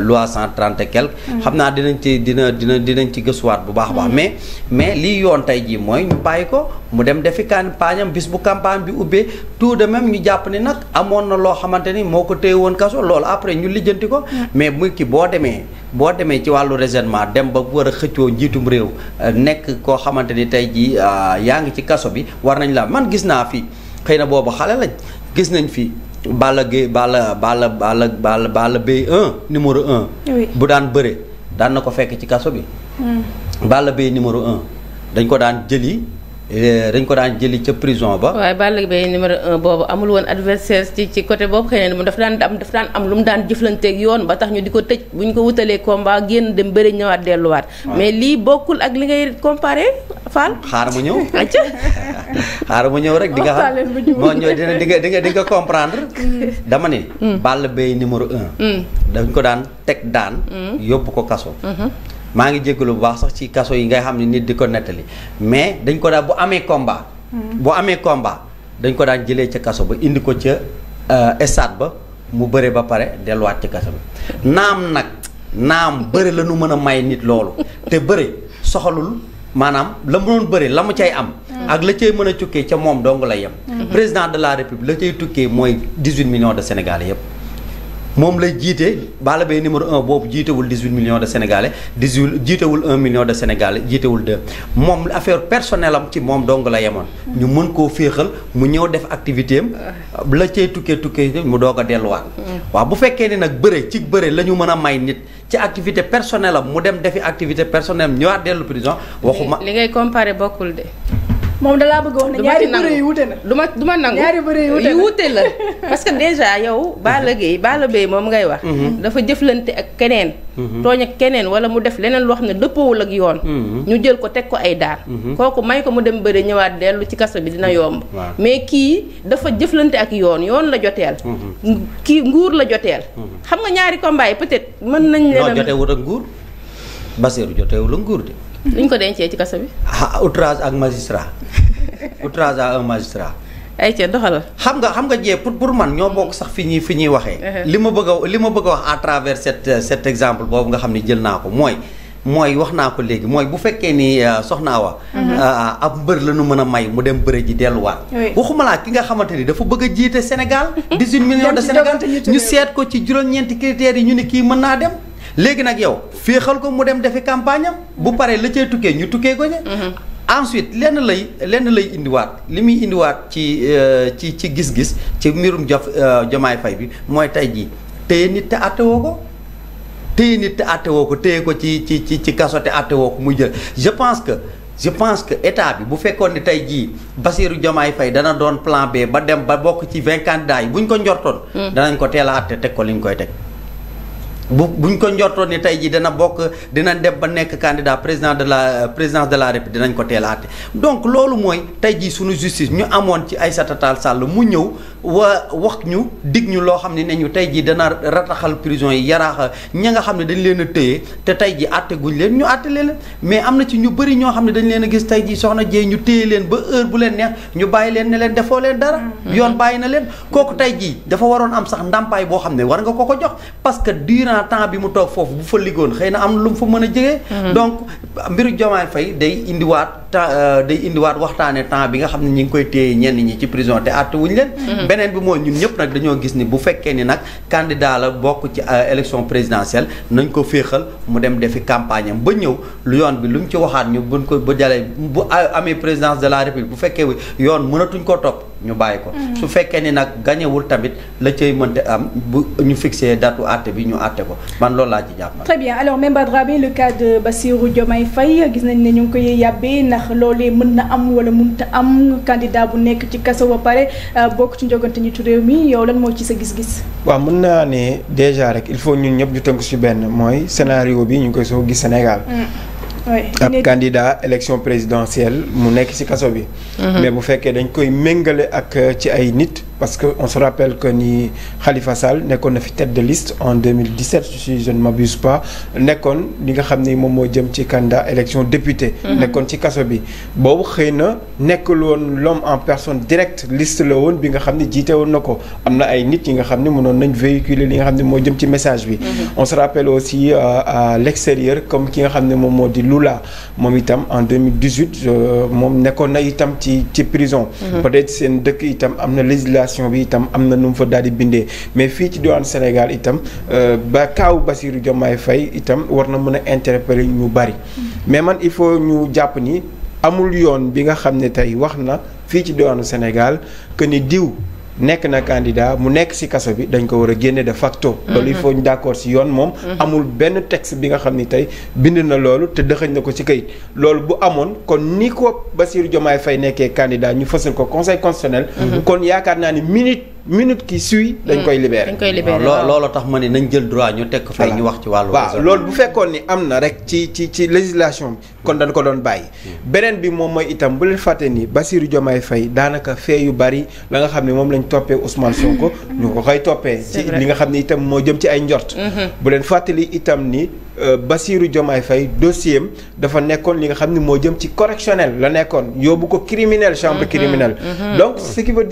loi cent trente et quelque. Mhm. xam naa dinañ ci dina dina dinañ ci gëstuwaat bu baax a baax. Mhm. mais mais lii yoon tey jii mooy ñu bàyyi ko mu dem defi campagne bis bu campagne bi ubbee tout de même ñu jàpp ni nag amoon na loo xamante ni moo ko téye woon kaso loolu après ñu lijjanti ko. mais muy ki boo demee. boo demee ci wàllu raisonnement dem ba war a xëccoo njiitum réew euh, nekk koo xamante ni tey jii euh, yaa ngi ci kaso bi war nañ laa man gis naa fi xëy na boobu xale lañ gis nañ fi Balla Gaye Balla Balla Balla Balla un Gaye 1 numéro 1. bu daan bëre daan na ko fekk ci kaso bi. Hmm. Balla Gaye numéro un dañ ko daan jëli. Eh, dañ ko daan jëli ca prison ba. waaye Balla Gaye numéro un boobu amul woon adversaire ci ci côté boobu xëy na mu dafa daan am dafa daan am lu mu daan jëflanteeg yoon ba tax ñu di ko tëj bu ñu ko wutalee combat génn dem bëri ñëwaat delluwaat. mais lii bokkul ak li ngay comparé Fall. xaar mu ñëw. acca xaar mu ñëw rek di nga xam moo ñëw dina di nga di di nga comprendre. Mm. dama ne. Mm. Balla Gaye numéro un. Mm. dañ ko daan teg daan. yóbbu ko kaso. Mm-hmm. maa ngi jégalu bu baax sax ci kaso yi ngay xam ne nit di ko nettali mais dañ ko daan bu amee komba hmm. bu amee combat dañ ko daan jëlee ca kaso ba indi ko ca euh, stade ba mu bëre ba pare delluwaat ci kaso bi naam nag naam bëri la ñu mën a may nit loolu te bëri soxalul maanaam la mu doon bëri la mu cay am. Hmm. ak la cay mën a tukkee ca moom dong la yem. Hmm. président de la république la cay tukkee mooy 18 millions de sénégalais yëpp. moom lay jiite Balla Gaye numéro 1 boobu jiitewul 18 millions de sénégalais 18 jiitewul 1 million de sénégalais jiitewul de moom affaire personnelle am ci moom dong la yemoon. ñu mën koo féexal mu ñëw def activité am. la cay tukkee tukkee mu doog a delluwaat. Mm. waaw bu fekkee ne nag bëre ci bëre la ñu mën a may nit. ci activité personnelle mu dem defi activité personnelle am ñëwaat dellu prison waxuma li ngay comparé bokkul de. moom dalaa bëgg wax ne ñaari bëre yi wute na du ma du ma nangu ñaari bëre yi wute la parce que déjà yow Balla Gaye Balla Gaye moom ngay wax mhm. dafa jëflante ak keneen mhm. tooñ ak keneen wala mu def leneen loo xam ne dëppoowul ak yoon mhm. ñu jël ko teg ko ay daan kooku may ko mu dem bëre ñëwaat dellu ci kaso bi dina yomb mais kii dafa jëflante ak yoon yoon la joteel kii nguur la joteel xam nga ñaari combat yi peut-être mën nañ leen jotewut ak nguur Bassirou jotewul ak nguur de ñu ko dencee ci kaso bi. ah outrage ak magistrat outrage à un magistrat. ay ca doxalal. xam nga xam nga jee pour pour man ñoo bokk sax fi ñuy fi ñuy waxee. Uh-huh. li ma bëgg li ma bëgg a wax à travers cet cet exemple boobu nga xam ne jël naa ko mooy. mooy wax naa ko léegi mooy bu fekkee ni euh, soxnaa wa uh-huh. euh, ab mbër la nu mën a may mu dem bëre ji delluwaat waxuma laa ki nga xamante ni dafa bëgg a jiite Sénégal 18 millions de Sénégal ñu seet ko ci juróom-ñeenti critères yi ñu ne kii mën naa dem léegi nag yow féexal ko mu dem defi campagne bu paree la cay tukkee ñu tukkee ko mhm. ensuite lenn lay lenn lay indiwaat li muy indiwaat ci euh, ci ci gis-gis ci mbirum jof jomaay euh, fay bi mooy tey jii téye nit te àttewoo ko téye nit te ko téye ko ci ci ci ci kaso te àttewoo ko muy jël je pense que je pense que état bi bu fekkoon ni tey jii Bassirou Diomaye Faye dana doon plan B ba dem ba bokk ci vingt candidats yi bu ñu ko njortoon. Mm. danañ ko teel a àtte teg ko li ñu koy teg. bu buñ ko njortoon ni tey jii dana bokk dina dem ba nekk candidat président de la euh, présidence de la république dinañ ko teel a àtte donc loolu mooy tey jii suñu justice ñu amoon ci ay Tall Sall mu ñëw wa wax ñu dig ñu loo xam ne ne ñu tey jii dana rataxal prison yi yaraaxa ña nga xam ne dañ leen a tëye te tey jii àtte guñ leen ñu àtte leen mais am na ci ñu bari ñoo xam ne dañ leen gis tey jii soxna Dieye ñu téye leen ba heure bu leen neex ñu bàyyi leen ne leen defoo dara mm-hmm. yoon bàyyi na leen kooku tey jii dafa waroon am sax ndàmpaay boo xam ne war nga ko ko jox pendant temps bi mu toog foofu bu fa liggoon xëy na am lu mu fa mën a jege. Mm-hmm. donc mbiru Diomaye fay day indiwaat. temps euh, day indiwaat waxtaanee temps bi nga xam ne ñu ngi koy téye ñenn ñi ci prison te àtte wuñ leen. Mm-hmm. beneen bi mooy ñun ñëpp nag dañoo gis ni bu fekkee ni nag candidat la bokk ci euh, élection présidentielle nañ ko féexal mu dem defi campagne am ba ñëw lu yoon bi lu mu ci waxaat ñu buñ ko ba jalee bu euh, amee présidence de la république bu fekkee yoon mënatuñ ko topp ñu bàyyi ko. Mm-hmm. su fekkee ni nag gañewul tamit la cay mënte am bu ñu fixé datu àtte bi ñu àtte ko man loolu laa ci jàpp. très ndax mën na am wala te am candidat bu nekk ci kaso ba pare euh, bokk ci njogante ñi ci réew mi yow lan moo ci sa gis-gis. waa mën naa ne déjà rek il faut ñun ñëpp ñu tënk ci benn mooy scénario bi ñu ngi koy soo gis Sénégal. Mm. ab candidat élection présidentielle mu nekk ci kaso bi. Mm-hmm. mais bu fekkee dañ koy méngale ak euh, ci ay nit. parce que on se rappelle que ni Khalifa Sall nekkoon na fi tête de liste en 2017 si je ne m'abuse pas nekkoon li nga xam ni moom moo jëm ci candidat élection député. Mhm. nekkoon ci kaso bi. boobu xëy na nekkul woon l'homme en personne direct liste la woon bi nga xam ni jiite woon na ko am na ay nit ki nga xam ni mënoon nañ véhiculer li nga xam ni moo jëm ci message bi. Mhm. on se rappelle aussi euh, à l'extérieur comme ki nga xam ne moom moo di Lula moom itam en 2018 euh, moom nekkoon na itam ci ci prison. Mhm. population bi itam am na nu mu fa daal di bindee mais fii ci diwaan Sénégal itam euh, ba kaaw Bassirou Diomaye fay itam war na mën a interpeller ñu bari mm-hmm. mais man il faut ñu jàpp ni amul yoon bi nga xam ne tey wax na fii ci diwaanu Sénégal que ni diw nekk na candidat mu nekk ci kaso bi dañ ko war a génne de facto. Mhm. loolu il ñu d'accord ci yoon moom. Mhm. amul benn texte bi nga xam ni tey bind na loolu te dëxëñ na ko ci kayit. loolu bu amoon kon ni ko Bassirou Diomaye fay nekkee candidat ñu fësal ko conseil constitutionnel. Mhm. kon yaakaar naa ni minute. minute qui suit. dañ koy mm. libéré dañ koy libéré waaw loolu tax ma ne nañ jël droit ñu teg ko fay ñu wax ci wàllu. waaw loolu bu fekkoon ni am na rek ci ci ci législation kon dañ ko doon bàyyi. Mm. beneen bi moom mooy itam bu leen fàtte ni Bassirou Diomaye Faye daanaka fee yu la nga xam ne moom lañ toppee Ousmane Sonko. ñu ko koy toppee. ci nga xam ne itam moo jëm ci ay njort. Mm-hmm. bu leen fàttali itam ni euh, Bassirou Diomaye Faye dossier dafa nekkoon li nga xam ne moo jëm ci correctionnel la nekkoon yóbbu ko criminel chambre mm-hmm. criminelle mm-hmm. donc ce qui veut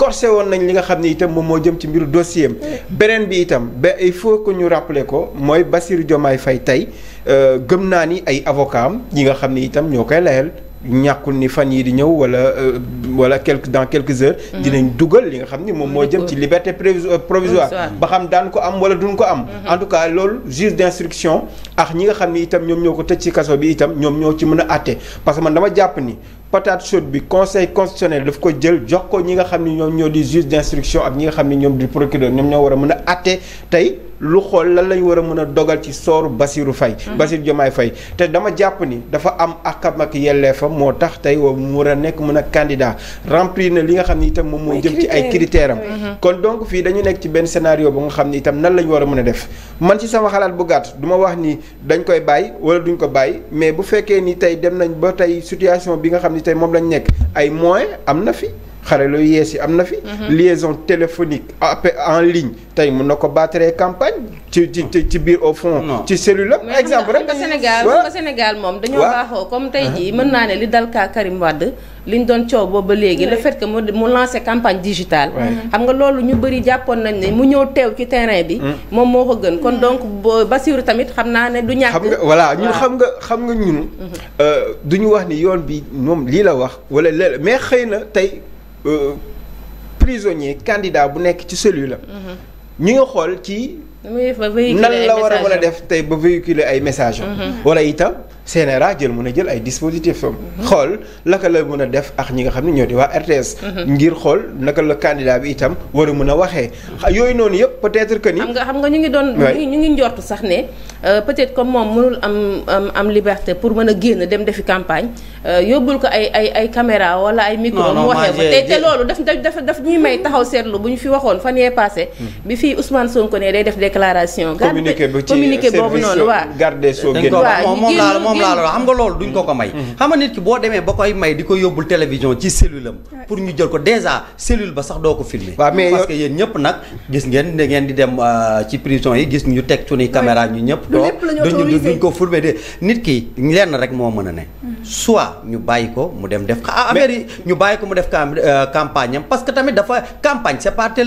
corsé woon nañ li nga xam ni itam moom moo jëm ci mbiru dossier beneen bi itam ba il faut ko ñu rappeler ko mooy Bassirou Diomaye fay tey euh, gëm naa ni ay avocat yi nga xam ne itam ñoo koy layal ñàkku ni fan yii di ñëw wala euh, wala quelque dans quelques heures. Mm-hmm. dinañ dugal li nga xam ni moom moo jëm ci liberté euh, provisoire ba xam daan ko am wala duñ ko am. Mm-hmm. en tout cas loolu juge d'instruction ak ñi nga xam ni itam ñoom ñoo ko tëj ci kaso bi itam ñoom ñoo ci mën a àtte parce que man dama jàpp ni. patate chaude bi conseil constitutionnel daf ko jël jox ko ñi nga xam ni ñoom ñoo di juge d'instruction ak ñi nga xam ni ñoom di procureur ñoom ñoo war a mën a àtte tey. lu xool lan lañ war a mën a dogal ci sooru Bassirou Faye mhm. Bassirou Diomaye Faye te dama jàpp ni dafa am akam ak yelleefa moo tax tey wa war a nekk mën a candidat remplir na li nga xam ni itam moom moo jëm ci ay critères am mhm. kon donc fii dañu nekk ci benn scénario bu nga xam ni itam nan lañ war a mën a def man ci sama xalaat bu gàtt duma wax ni dañ koy bàyyi wala duñ ko bàyyi mais bu fekkee ni tey dem nañ ba tey situation bi nga xam ni tey moom lañ nekk ay moyens am na fi xarala yu yees yi am na fi. Mhm. liaison téléphonique en ligne tey mun na ko battre campagne ci ci ci biir au fond. ci cellule la exemple rek. Sénégal ba Sénégal moom dañoo baaxoo comme tey uh-huh. jii mën naa ne li dal kaa Karim Wade li ñu doon coow boobu ba léegi le fait que mu mu lancé campagne digitale. Uh-huh. xam nga loolu ñu bëri jàppoon nañ ne mu ñëw teew ci terrain bi. Uh-huh. moom moo ko gën kon donc Bassirou tamit xam naa ne du. ñàkk xam nga xam nga xam nga ñun. Euh, duñu wax ni yoon bi moom lii la wax wala mais xëy na tey Euh, prisonnier candidat bu nekk ci cellule la. Mhm. ñu ngi xool ci. nan la war a mën def tey ba véhiculer ay messages. Mhm. wala itam. CNRA jël mën a jël ay dispositifs am. Mhm. xool naka la mën a def ak ñi nga xam ne ñoo di waa RTS. Mhm. ngir xool naka la candidat bi itam war a mën a waxee. Mhm. Ah, yooyu noonu yëpp peut-être ni. xam nga xam nga ñu ngi doon. ñu ngi njortu sax ne euh, peut-être comme moom mënul am am liberté pour mën a génn dem defi campagne euh, yóbbul ko ay ay ay caméra wala ay micro mu waxee ko te loolu daf daf daf ñuy may taxaw seetlu bu ñu fi waxoon fan yee passé. bi fii Ousmane Sonko ne day def déclaration. communiqué bi ci service communiqué boobu moom laa la xam nga ko ko may mm-hmm. xam nga ñu ba sax ko filmer waaw mais parce que yéen ñëpp nag da ngeen di dem euh, ci prison yi gis ñu teg duñ ko filmer de nit ki lenn rek moo mën a ne mm-hmm. soit ñu bàyyi ko mu dem def affaire yi euh, tamit dafa campagne c'est pas euh,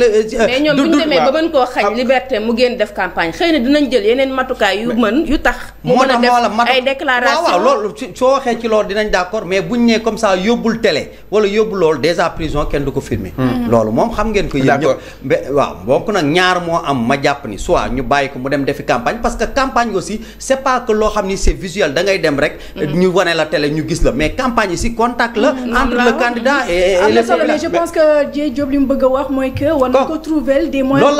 mais ñoom bu ñu ba mën koo xañ liberté mu génn def campagne xëy na dinañ jël yeneen matukaay yu mën yu tax mu mën a def ay déclaration déclaration waaw waaw loolu soo waxee ci loolu dinañ d'accord mais buñ nee comme ça yóbbul télé wala yóbbu loolu déjà prison kenn du ko filmer hmm. loolu moom xam ngeen ko yéen ñëpp waaw donc nag ñaar moo am ma jàpp ni soit ñu bàyyi ko mu dem defi campagne parce que campagne aussi c'est pas que loo xam ni c'est visuel da dem rek hmm. ñu wane la télé ñu gis la mais campagne si contact la hmm. entre le candidat et le solo mais je pense que Dieye Diop li mu bëgg a wax mooy que war na ko trouver des moyens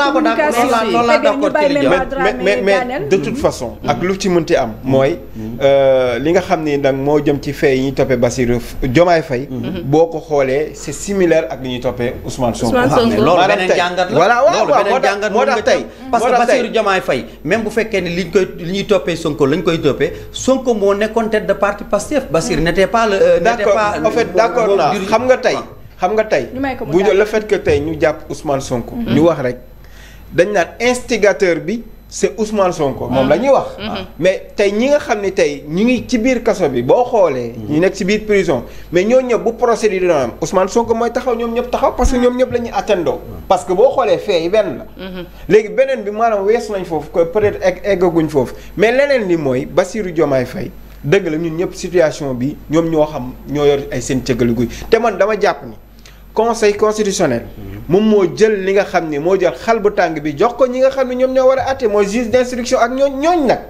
Euh, li nga xam ni nag moo jëm ci fee yi ñuy toppee Bassirou Diomaye Faye mhm. Mhm. boo ko xoolee c'est similaire ak li ñuy toppee Ousmane Sonko. Ah, loolu beneen jàngat la voilà waaw waaw moo tax moo tax tey parce que Bassirou Diomaye Faye bu fekkee ne liñ koy li ñuy toppee Sonko lañ koy toppee Sonko moo nekkoon tête de parti Pastef Bassirou mhm. n'était pas le euh, n'était pas en fait d'accord xam nga tey ah. xam nga bu le fait tey ñu jàpp Ousmane Sonko ñu wax rek dañ naan instigateur bi c'est Ousmane Sonko moom ah. la ñuy wax. Mm-hmm. Ah. mais tey ñi nga xam ne tey ñu ngi ci biir kaso bi boo xoolee. Mm-hmm. ñu nekk ci biir prison mais ñoo ñëpp bu procédure dina am Ousmane Sonko mooy taxaw ñoom ñëpp taxaw parce que ñoom ñëpp la ñuy attendoo. Mm-hmm. parce boo xoolee fee yi benn la. léegi beneen bi maanaam weesu nañ foofu que peut-être egg eggaguñ foofu mais leneen li mooy Bassirou Diomaye Faye dëgg la ñun ñëpp situation bi ñoom ñoo xam ñoo yor ay seen cëggali guy te man dama jàpp ni. conseil constitutionnel. moom moo jël li nga xam ni moo jël xal bu tàng bi jox ko ñi nga xam ne ñoom ñoo war a àtte mooy juge d'instruction ak ñooñ ñooñ nag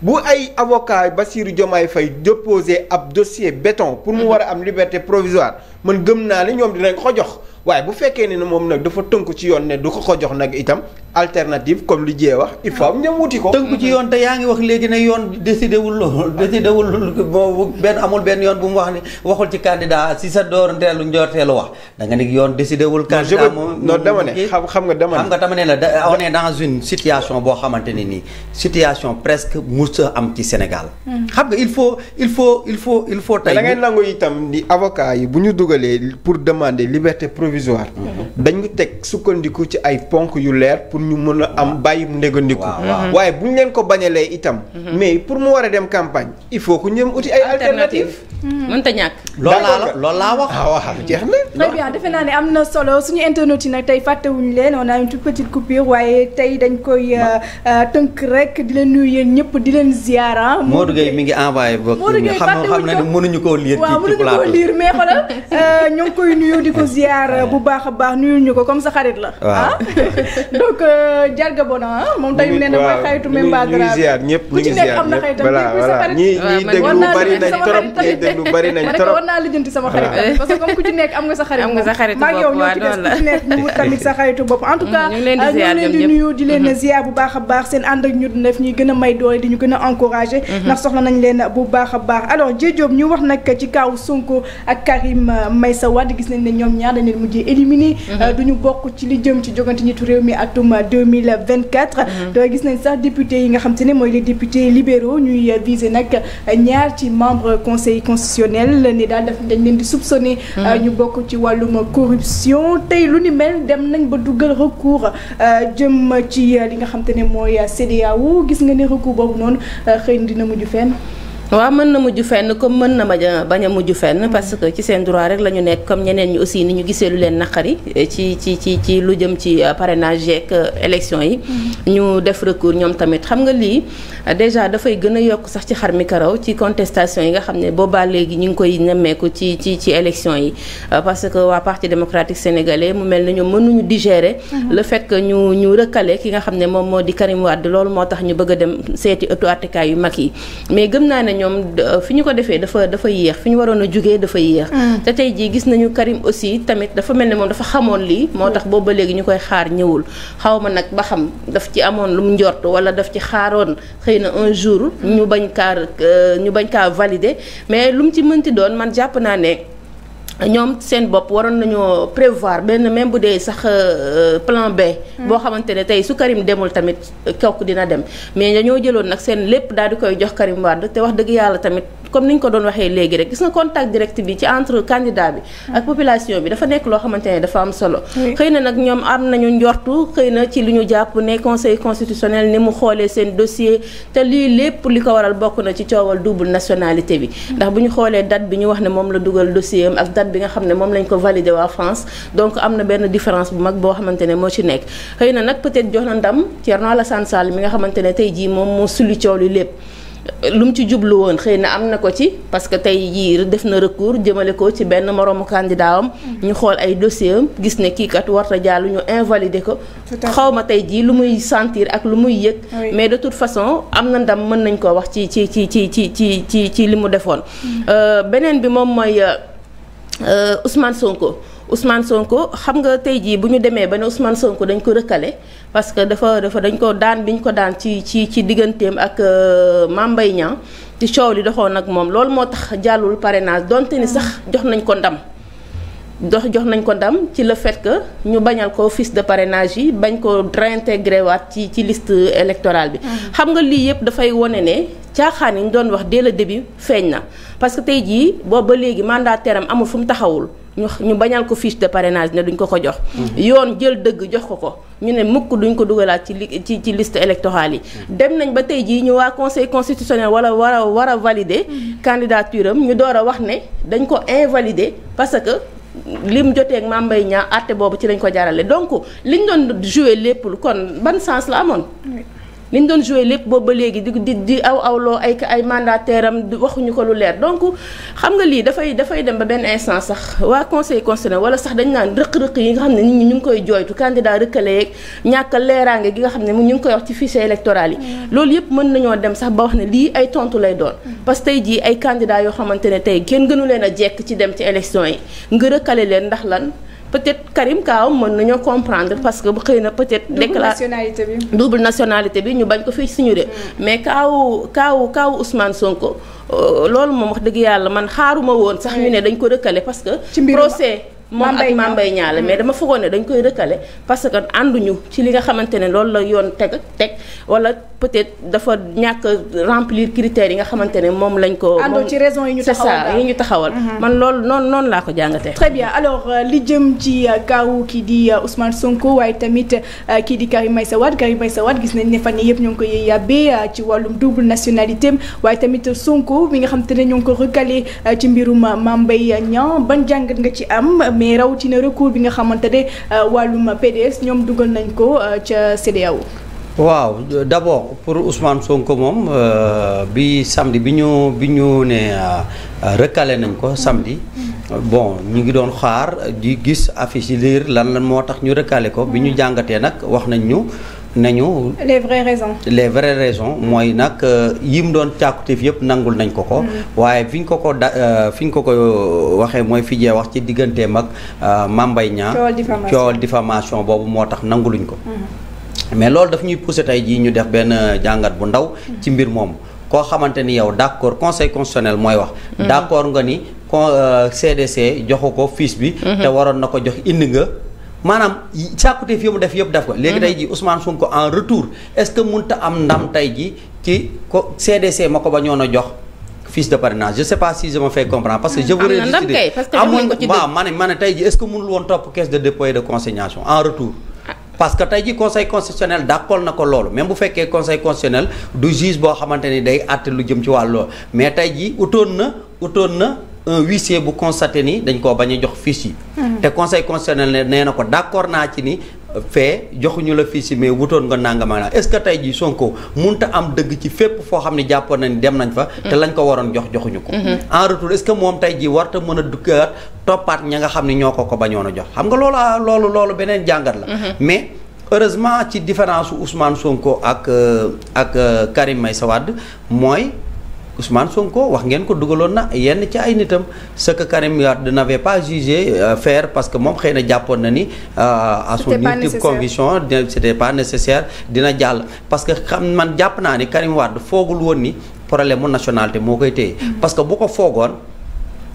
bu ay avocat Bassirou Diomaye fay déposé ab dossier beton pour mu mhm. war a am liberté provisoire man gëm naa ne ñoom dinañ ko jox. waaye bu fekkee ne moom nag dafa tënku ci yoon ne du ko ko jox nag itam alternative comme li wax il faut am ñam wuti ko. tënku ci yoon te yaa ngi wax léegi ne yoon décidé wul loolu décidé wul boobu benn amul benn yoon bu mu wax ni waxul ci candidat si sa dooranteelu njorteelu wax da nga ni yoon décidé wul. candidat moom non dama ne xam xam nga dama ne. xam nga dama ne la on est dans une situation boo xamante ne nii situation presque mus am ci Sénégal. Hmm. xam nga il faut il faut il faut il faut. tey da ngay nangu itam ni provisoire dañu teg sukkandiku ci ay ponk yu leer pour ñu mën a am bàyyi mu ndégandiku waaye bu ñu leen ko bañalee itam mhm. mais pour mu war a dem campagne il faut que ñoom uti ay alternative mhm. mënta ñàkk loolu laa wax ah, wax jeex na très bien defe naa ne am na solo suñu internautes yi tey fàttewuñu leen a une toute petite waaye tey dañ koy euh, euh, tënk rek di leen nuyu yéen ñëpp di leen ziara Modou Gueye mi ngi envoyé bokk xam ne mënuñu koo lire ci plateau waaw mënuñu koo ñu euh, ngi koy nuyu di ko ziar Euh, bu baax a baax nuyu ñu ko comme sa xarit la. waaw ah. donc Jarga euh, Bona ah, moom tey nee na mooy xaritu Memba Dramé ziar ñëpp ñu ngi ziar ñëpp voilà voilà ñi ñi déglu bari nañ trop ñi déglu bari nañ trop war naa lijjanti sama xarit parce que comme sa xarit am nga mu tamit sa xaritu bopp en mm, ah, nuyu di leen mm-hmm. ziar bu baax a baax seen ànd ak ñu a di a mm-hmm. ndax soxla nañ leen bu baax a baax alors Diop ñu wax nag ci kaw Sonko ak Karim Meïssa Wade gis ne ñoom ñaar dañ leen mujjee éliminé. Mhm. Euh, du ñu bokk ci li jëm ci jogante ñitu réew mi atum 2024. doo mhm. euh, gis nañ sax député yi nga xam te ne mooy les députés libéraux ñuy euh, visé nag ñaar ci membre conseil constitutionnel ni daal daf dañ leen di soupçonné. Mhm. ñu bokk ci wàllum corruption tey lu ni mel dem nañ ba duggal recours jëm ci li nga xam te ne mooy CEDEAO gis nga ne recours boobu noonu xëy na dina mujj fenn. waaw mën na mujj fenn comme mën na ma bañ a mujj fenn mm. parce que ci seen droit rek la ñu nekk comme ñeneen ñi aussi ni ñu gisee lu leen naqari eh, ci ci ci ci lu jëm ci euh, parrainage yeeg euh, élection yi mm. ñu def recours ñoom tamit xam nga lii euh, déjà dafay gën a yokk sax ci xar mi karaw ci contestation yi nga xam ne boobaa léegi ñu ngi koy nemmeeku ci ci ci élection yi parce que waa parti démocratique sénégalais mu mel na ñoom mënuñu digérer mm-hmm. le fait que ñu ñu recalé ki nga xam ne moom moo di Karim Wade loolu moo tax ñu bëgg dem seeti ëttu àttekaay yu mag yi ñoom fi ñu ko defee dafa dafa yéex fi ñu waroon a jógee dafa yéex. Mm. te tey jii gis nañu Karim aussi tamit dafa mel ni moom dafa xamoon lii. moo tax boobu ba léegi ñu koy xaar ñëwul. xaw ma nag ba xam daf ci amoon lum njort wala daf ci xaaroon xëy na un jour. Mm. ñu bañ kaa euh, ñu bañ kaa valider mais lu mu ci mënti doon man jàpp naa ne. ñoom seen bopp waroon nañoo prévoir benn même bu dee sax euh, plan B. Hmm. boo xamante ne tey su Karim demul tamit euh, kooku dina dem mais dañoo jëloon nag seen lépp daal di koy jox Karim Wade te wax dëgg yàlla tamit. comme ni ñu ko doon waxee léegi rek gis nga contact direct bi ci entre candidat bi ak population bi dafa nekk loo xamante ne dafa am solo xëy na nag ñoom am nañu njortu xëy na ci li ñu jàpp ne conseil constitutionnel ni mu xoolee seen dossier te lii lépp li ko waral bokk na ci coowal double nationalité bi mm. ndax bu ñu xoolee date bi ñu wax ne moom la dugal dossier ak date bi nga xam ne moom lañ ko validé waa France donc am na benn différence bu mag boo xamante ne moo ci nekk xëy na nag peut-être jox na ndam Thierno Alassane Sall mi nga xamante ne tey jii moom moo suli coow li lépp lu mu ci jublu woon xëy na am na ko ci parce que tey jii def na recours jëmale ko ci benn moroomu candidat am. Mm. ñu xool ay dossier gis ne kii kat warta jàll ñu invalider ko. xaw ma tey jii lu muy sentir ak lu muy yëg. mais de toute façon am na ndam mën nañ koo wax ci ci ci ci ci ci ci li mu defoon. Mm. Euh, beneen bi moom mooy euh, Ousmane Sonko. Ousmane Sonko xam nga tey jii bu ñu demee ba ne Ousmane Sonko dañ ko rëkkale parce que dafa dafa dañ ko daan bi ñu ko daan ci ci ci digganteem ak euh, Mame Mbaye Niang ci coow li doxoon ak moom loolu moo tax jàllul parrainage donte ni sax jox nañ ko ndam. dox jox nañ ko ndam ci le fait que ñu bañal ko fiche de parrainage yi bañ ko réintégré waat ci ci liste électorale bi. Mmh. xam nga lii yëpp dafay wone ne caaxaan yi ñu doon wax dès le début feeñ na. parce que tey jii boobu léegi mandataire am amul fu mu taxawul ñu ñu bañal ko fiche de parrainage ne duñ ko ko jox. Mmh. yoon jël dëgg jox ko ko. ñu ne mukk duñ ko dugalaat ci ci ci liste électorale yi. Mmh. dem nañ ba tey jii ñu waa conseil constitutionnel wala war a war a valider. candidature am ñu door a wax ne dañ ko invalider parce que. lim jotee ak Mame Mbaye Niang àtte boobu ci lañ ko jarale donc liñ doon joué lépp kon ban sens la amoon. li ñu doon joué lépp boobu ba léegi di di di aw awloo ay ay mandataire am waxuñu ko lu leer donc xam nga lii dafay dafay dem ba benn instant sax waa conseil constitutionnel wala sax dañ naan rëq-rëq yi nga xam ne nit ñi ñu ngi koy jooytu candidat rëkkale yeeg ñàkk leeraange gi nga xam ne ñu ngi koy wax ci fichier électoral yi mm. loolu yëpp mën nañoo dem sax ba wax ne lii ay tontu lay doon mm. parce que jii ay candidat yoo xamante ne tey kenn gënu leen a jekk ci dem ci élection yi nga rëkkale leen ndax lan peut-être Karim Kaam mën nañoo comprendre parce que xëy na peut-être. double nationalité bi double bi ñu bañ ko fii suñu de. mais Kaawu Kaawu Kaawu Ousmane Sonko euh, loolu moom wax dëgg yàlla man xaaruma woon sax ñu ne dañ ko rëkkale parce que. procès moom ak Mame Mbaye Niang la mais mm-hmm. dama foogoon dañ koy rëkkale parce que ànduñu ci li nga xamante ne loolu la yoon teg teg wala peut-être dafa ñàkk remplir critères yi nga xamante ne moom lañ ko àndoo ci raison yi ñu taxawal c'est ça yi ñu mm-hmm. man loolu noon noonu laa ko jàngatee très bien alors euh, li jëm ci euh, kaaw kii di euh, Ousmane Sonko waaye tamit kii di may Karim Meïssa Wade Karim sa wat gis nañ ne fan yi yëpp ñoo ngi ko yee yàbbee ci wàllum double nationalité waaye tamit Sonko bi nga xam te ne ñoo ngi ko recalé ci mbirum Mame Mbaye Niang ban jàngat nga ci am mais rawatina recours bi nga xamante ne euh, wàllum PDS ñoom dugal nañ ko euh, ca CEDEAO. waaw d'abord pour Ousmane Sonko moom euh, bi samedi bi ñu bi ñu ne recalé nañ ko samedi. bon ñu ngi doon xaar di gis affiche yi liir lan lan moo tax ñu recalé ko bi ñu jàngatee nag wax nañ ñu. nañu. les vraies raisons. les vraies raisons mooy nag euh, yi mu doon càkkutéef yëpp nangul nañ ko ko. Mm. waaye fi ñu ko ko da euh, fi ñu ko ko waxee mooy fi jee wax ci digganteem ak euh, Mame Mbaye Niang. coowal diffamation boobu moo tax nanguluñ ko. Mm-hmm. mais loolu daf ñuy poussé tey jii ñu def benn jàngat bu ndaw. Mm. ci mbir moomu koo xamante ni yow d'accord conseil constitutionnel mooy wax. Mm-hmm. d'accord nga ni con CDC joxu ko fiche bi. Mm-hmm. te waroon na ko jox indi nga. maanaam càkkuteef yu mu def yëpp def ko. léegi mhm. tey ji Ousmane Sonko en retour est-ce que mun a am ndam tey ji ci ko CDC ma ko ba ñoon a jox. fiche de parrainage je sais pas si je me fais comprendre parce que je voudrais juste amul waaw ma ne ma ne tey ji est-ce que mënul et de que tey ji conseil constitutionnel dàqool na ko loolu même bu fekkee conseil constitutionnel du juge boo xamante ni day àtte lu jëm ci wàllu mais tey ji utoon na utoon na un huissier bu constaté ni dañ koo bañ a jox fiche yi. Mhm. te conseil constitutionnel nee na ko d'accord naa ci ni. fee joxuñu la fii si mais wutoon nga nangam ak nangam est-ce que tey jii Sonko munta am dëgg ci fépp foo xam ne jàppoon nañ dem nañ fa. te mhm. lañ ko waroon jox joxuñu ko. Mhm. en retour est-ce moom tey jii warta mën a duggaat toppaat ña nga xam ni ñoo ko ko bañoon a jox xam nga loola loolu loolu beneen jàngat la. mais heureusement ci différence Ousmane Sonko ak euh, ak euh, Karim Meïssa Wade mooy. Ousmane Sonko wax ngeen ko dugaloon na yenn ci ay nitam ce que Karim Wade n'avait pas jugé euh, faire parce que moom xëy na jàppoon na ni euh, à son ultime conviction c'était pas nécessaire dina jàll parce que xam man jàpp naa ni Karim Wade foogul woon ni problème mu nationalité moo koy téye mhm. parce que bu ko foogoon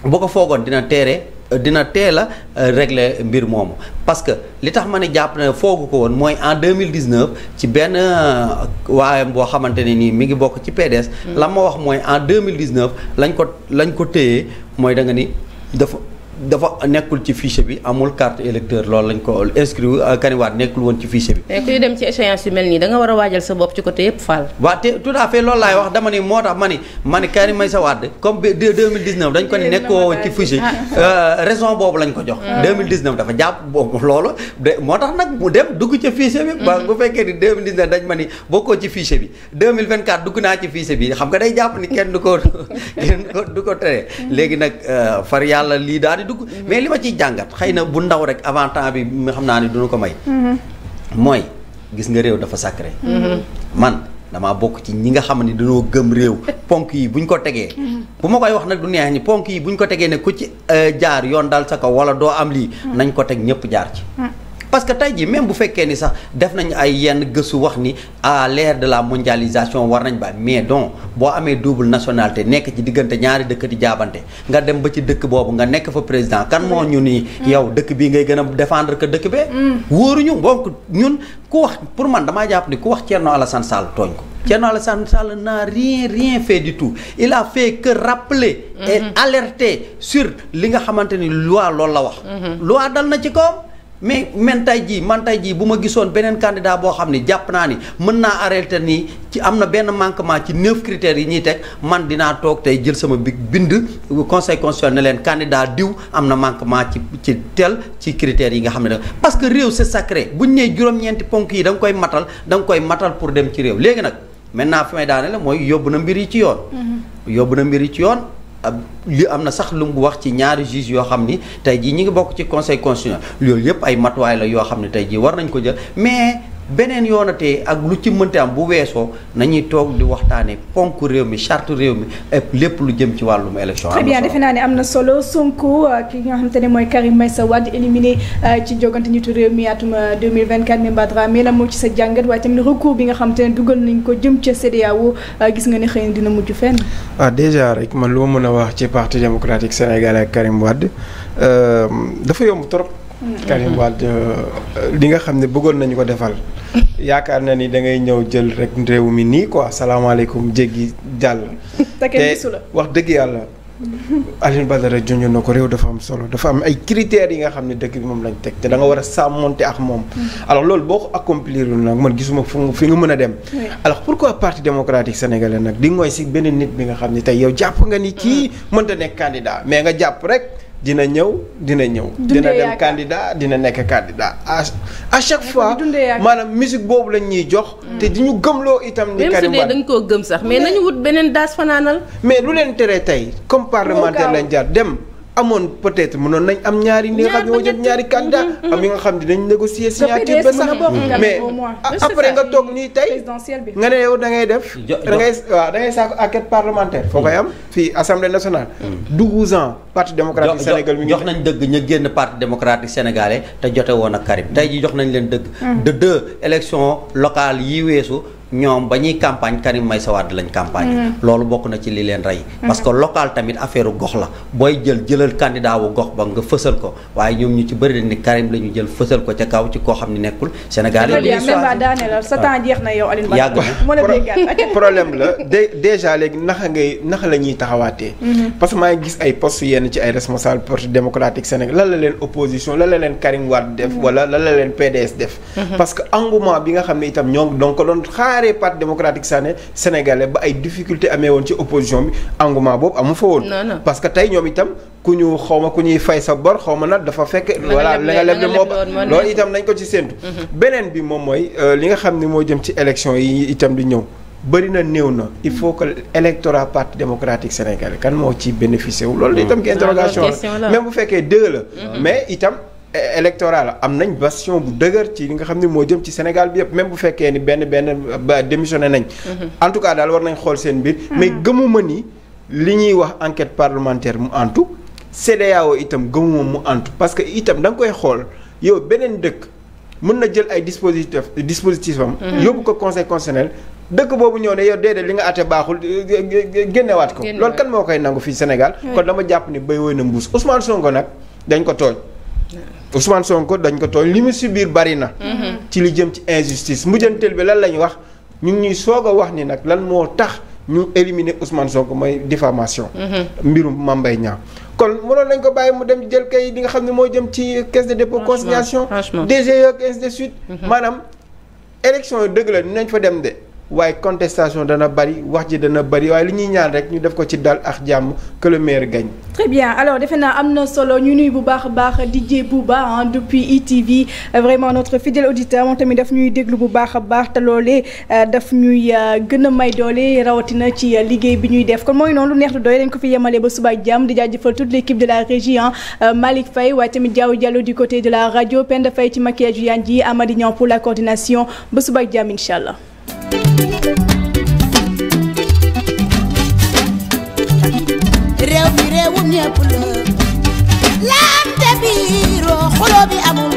bu ko foogoon dina teere dina teel a euh, régler mbir moomu parce que li tax ma ne jàpp ne foogu ko woon mooy en 2019 ci benn euh, waayam boo xamante ne nii mi ngi bokk ci PDS. Mm. la ma wax mooy en 2019 lañ ko lañ ko téye mooy da nga ni dafa. dafa nekkul ci fichier bi amul carte électeur loolu lañ ko inscrit euh, Kaniwaat nekkul woon ci fichier bi. mais kuy dem ci échéance yu mel nii da nga war a waajal sa bopp ci côté yëpp Fall. waaw te tout à fait loolu laay wax dama ni moo tax ma ni ma ni Karim Meïssa Wade comme bi 2019 dañ ko ni nekkoo woon ci fichier ah. euh, raison boobu lañ ko jox. 2019 ah. dafa jàpp boobu loolu de moo tax nag mu dem dugg ci fichier bi. ba mm-hmm. bu fekkee ni 2019 dañ ma ni bokkoo ci fichier bi 2024 dugg naa ci fichier bi xam nga day jàpp ni kenn du ko kenn du ko tere mm-hmm. léegi nag euh, far yàlla lii daal dugg mais li ma ciy jàngat xëy na bu ndaw rek avant temps bi mi xam naa ne duñu ko may mooy gis nga réew dafa sacré man damaa bokk ci ñi nga xam ne dañoo gëm réew ponk yi bu ñu ko tegee bu ma koy wax nag du neex ni ponk yi bu ñu ko tegee ne ku ci euh, jaar yoon daal sa kaw wala doo am lii nañ ko teg ñëpp jaar ci parce que tey jii même bu fekkee ni sax def nañu ay yenn gëstu wax ni à l'ère de la mondialisation war nañ ba mais donc boo amee double nationalité nekk ci diggante ñaari dëkk di jaabante nga dem ba ci dëkk boobu nga nekk fa président kan moo ñu ni mm. yow dëkk bi ngay gën a défendre que dëkk bee mm. wóoruñu donc ñun ku wax pour man damaa jàpp ku wax Thierno Alassane Sall tooñ ko mm. Thierno Alassane Sall naa rien rien fait du tout il a fait kër rappeler alerte mm-hmm. alerter sur li nga xamante ni loi loolu la wax mm-hmm. mais man tay jii man tay jii bu ma gisoon beneen candidat boo xam ne jàpp naa ni mën naa arrêté nii ci am na benn manquement ci neuf critères yi ñuy teg man dinaa toog tey jël sama big bind conseil constitutionnel ne leen candidat diw am na manquement ci ci tel ci critères yi nga xam ne da parce que réew c'est sacré buñ nee juróom-ñeenti ponk yi danga koy matal danga koy matal pour dem ci réew léegi nag maintenant fi may daane la mooy yóbbu na mbir yi ci yoon mm-hmm. yóbb na mbir yi ci yoon li am na sax lu mu wax ci ñaari juge yoo xam ni tey jii ñu ngi bokk ci conseil constitutionnel loolu yëpp ay matuwaay la yoo xam ne tey jii war nañ ko jël mais beneen te ak lu ci mënti am bu weesoo nañuy toog di waxtaanee ponk réew mi charte réew mi ak lépp lu jëm ci wàllum élection. très bien defe naa ne am na solo Sonko euh, ki nga xam xamante ne mooy Karim Meïssa Wade éliminé euh, ci jogante nitu réew mi atum 2024 Memba Dramé la moo ci sa jàngat waaye tamit recours bi nga te ne dugal nañ ko jëm ca CEDEAO euh, gis nga ne xëy na dina mujj fenn. waaw ah, déjà rek man lu ma mën a wax ci parti démocratique sénégalais ak Karim Wade dafa yomb trop. Karim mm-hmm. euh, li nga xam ne bëggoon nañu ko defal yaakaar na ni da ngay ñëw jël rek réew mi nii quoi salaamaaleykum jéggi jàll. te wax dëgg yàlla. Mm-hmm. Alioune Badara junjoon na ko réew dafa am solo dafa am ay critères yi nga xam ne dëkk bi moom lañ teg te da nga war a sàmmonte ak moom. Mm-hmm. alors loolu boo ko accomplir nag man gisuma fu fi nga mën a dem. alors pourquoi parti démocratique sénégalais nag di mooy si benn nit bi nga xam ni tey yow jàpp nga ni kii mm. mënta nekk candidat mais nga jàpp rek. dina ñëw dina ñëw. dina dem candidat dina nekk candidat à à chaque fois maanaam musique boobu lañ ñuy jox. te hmm. di ñu gëmloo itam. ni di Wade dañu ko gëm sax mais nañu wut beneen daas fanaanal mais lu leen tere tey comme parlementaire lañ jaar dem. amoon peut-être mënoon nañ am ñaari ñi nga xam ne moo jot ñaari candidat mm-hmm. am yi nga xam ne dinañ négocier signature ba sax mm-hmm. mais après nga toog nii tey nga ne yow da ngay def da ngay waaw da ngay saako enquête parlementaire foo koy mm-hmm. am fii assemblée nationale douze ans parti démocratique sénégal jox nañ dëgg ña génn parti démocratique sénégalais te jote woon ak Karim tey ji jox nañ leen dëgg de deux élections locales yi weesu ñoom ba ñuy campagne Karim Meïssa Wade lañ campagne mm. loolu bokk na ci li leen rey parce que mm. local tamit affaire gox la booy jël jëlal candidat wu gox ba nga fësal ko waaye ñoom ñu ci bëri dañ ni Karim la ñu jël fësal ko ca kaw ci koo xam ne nekkul Sénégal ah. yàgg problème la dé déjà léegi naxa ngay naxa la ñuy taxawaatee mm-hmm. parce que maa ngi gis ay post yenn ci ay responsable parti démocratique Sénégal lan la la leen Karim Wade def mm-hmm. la leen PDS def mm-hmm. parce que engouement bi nga xam ñaaree parti démocratique sané sénégalais ba ay difficulté amee woon ci opposition bi engouement boobu amu fa woon parce que tey ñoom itam ku ñu xawma ku ñuy fay sa bor xawma nag dafa fekk voilà la nga leb de moo loolu itam nañ ko ci séntu mhm. beneen bi moom mooy euh, li nga xam ne moo jëm ci élection yi itam di ñëw bëri na néew na il faut que électorat parti démocratique sénégalais kan moo ci bénéficié wu loolu mhm. itam ki ah, interrogation la même bu fekkee deux la mhm. mais itam électoral am nañ bastion bu dëgër ci nga xam ne moo jëm ci Sénégal bi yëpp même bu fekkee ni benn benn ba démissionné nañ. Mhm. en tout cas daal war nañ xool seen mbir. Mhm. mais gëmuma ni li ñuy wax enquête parlementaire mu antu. CEDEAO itam gëmuma mu antu parce que itam da koy xool yow beneen dëkk mën na jël ay dispositif dispositif am. Mhm. yóbbu ko conseil constitutionnel. dëkk boobu ñëw ne yow déedéet li nga àtte baaxul euh, euh, euh, génnewaat ko. loolu kan moo koy nangu fii Sénégal. kon dama jàpp ni béy woy na mbuus Ousmane Sonko nag dañ ko tooñ. Ousmane Sonko dañ ko tooñ li mu subir bari na. Mhm. ci li jëm ci injustice mujjanteel bi lan la wax ñu ngi ñuy soog a wax ni nag lan moo tax ñu éliminer Ousmane Sonko mooy diffamation. Mhm. mbirum Mame Mbaye Niang kon mënoon nañ ko bàyyi mu dem jël kay li nga xam ne moo jëm ci caisse de dépôt consignation DGE ak ainsi de suite mhm. maanaam élection yi dëgg la nañ fa dem de. waaye contestation dana bari wax ji dana bari waaye li ñuy ñaan rek ñu def ko ci dal ak jàmm que le maire gagne. très bien alors defe naa am na solo ñu nuy bu baax a baax DJ Bouba depuis ITV e euh, vraiment notre fidèle auditeur moom tamit daf ñuy déglu bu baax a baax te loolee euh, daf ñuy euh, gën a may doole rawatina ci liggéey bi ñuy def kon mooy noonu lu neex du doy dañ ko fi yemalee ba suba jàmm di jaajëfal toute l'équipe de la régie Malick Faye waaye tamit Diaw Diallo du côté de la radio Penda Faye ci maquillage ji Amady Niang la coordination ba suba jàmm incha allah. réew mi réewum ñépp la laante biiroo xuloo bi amul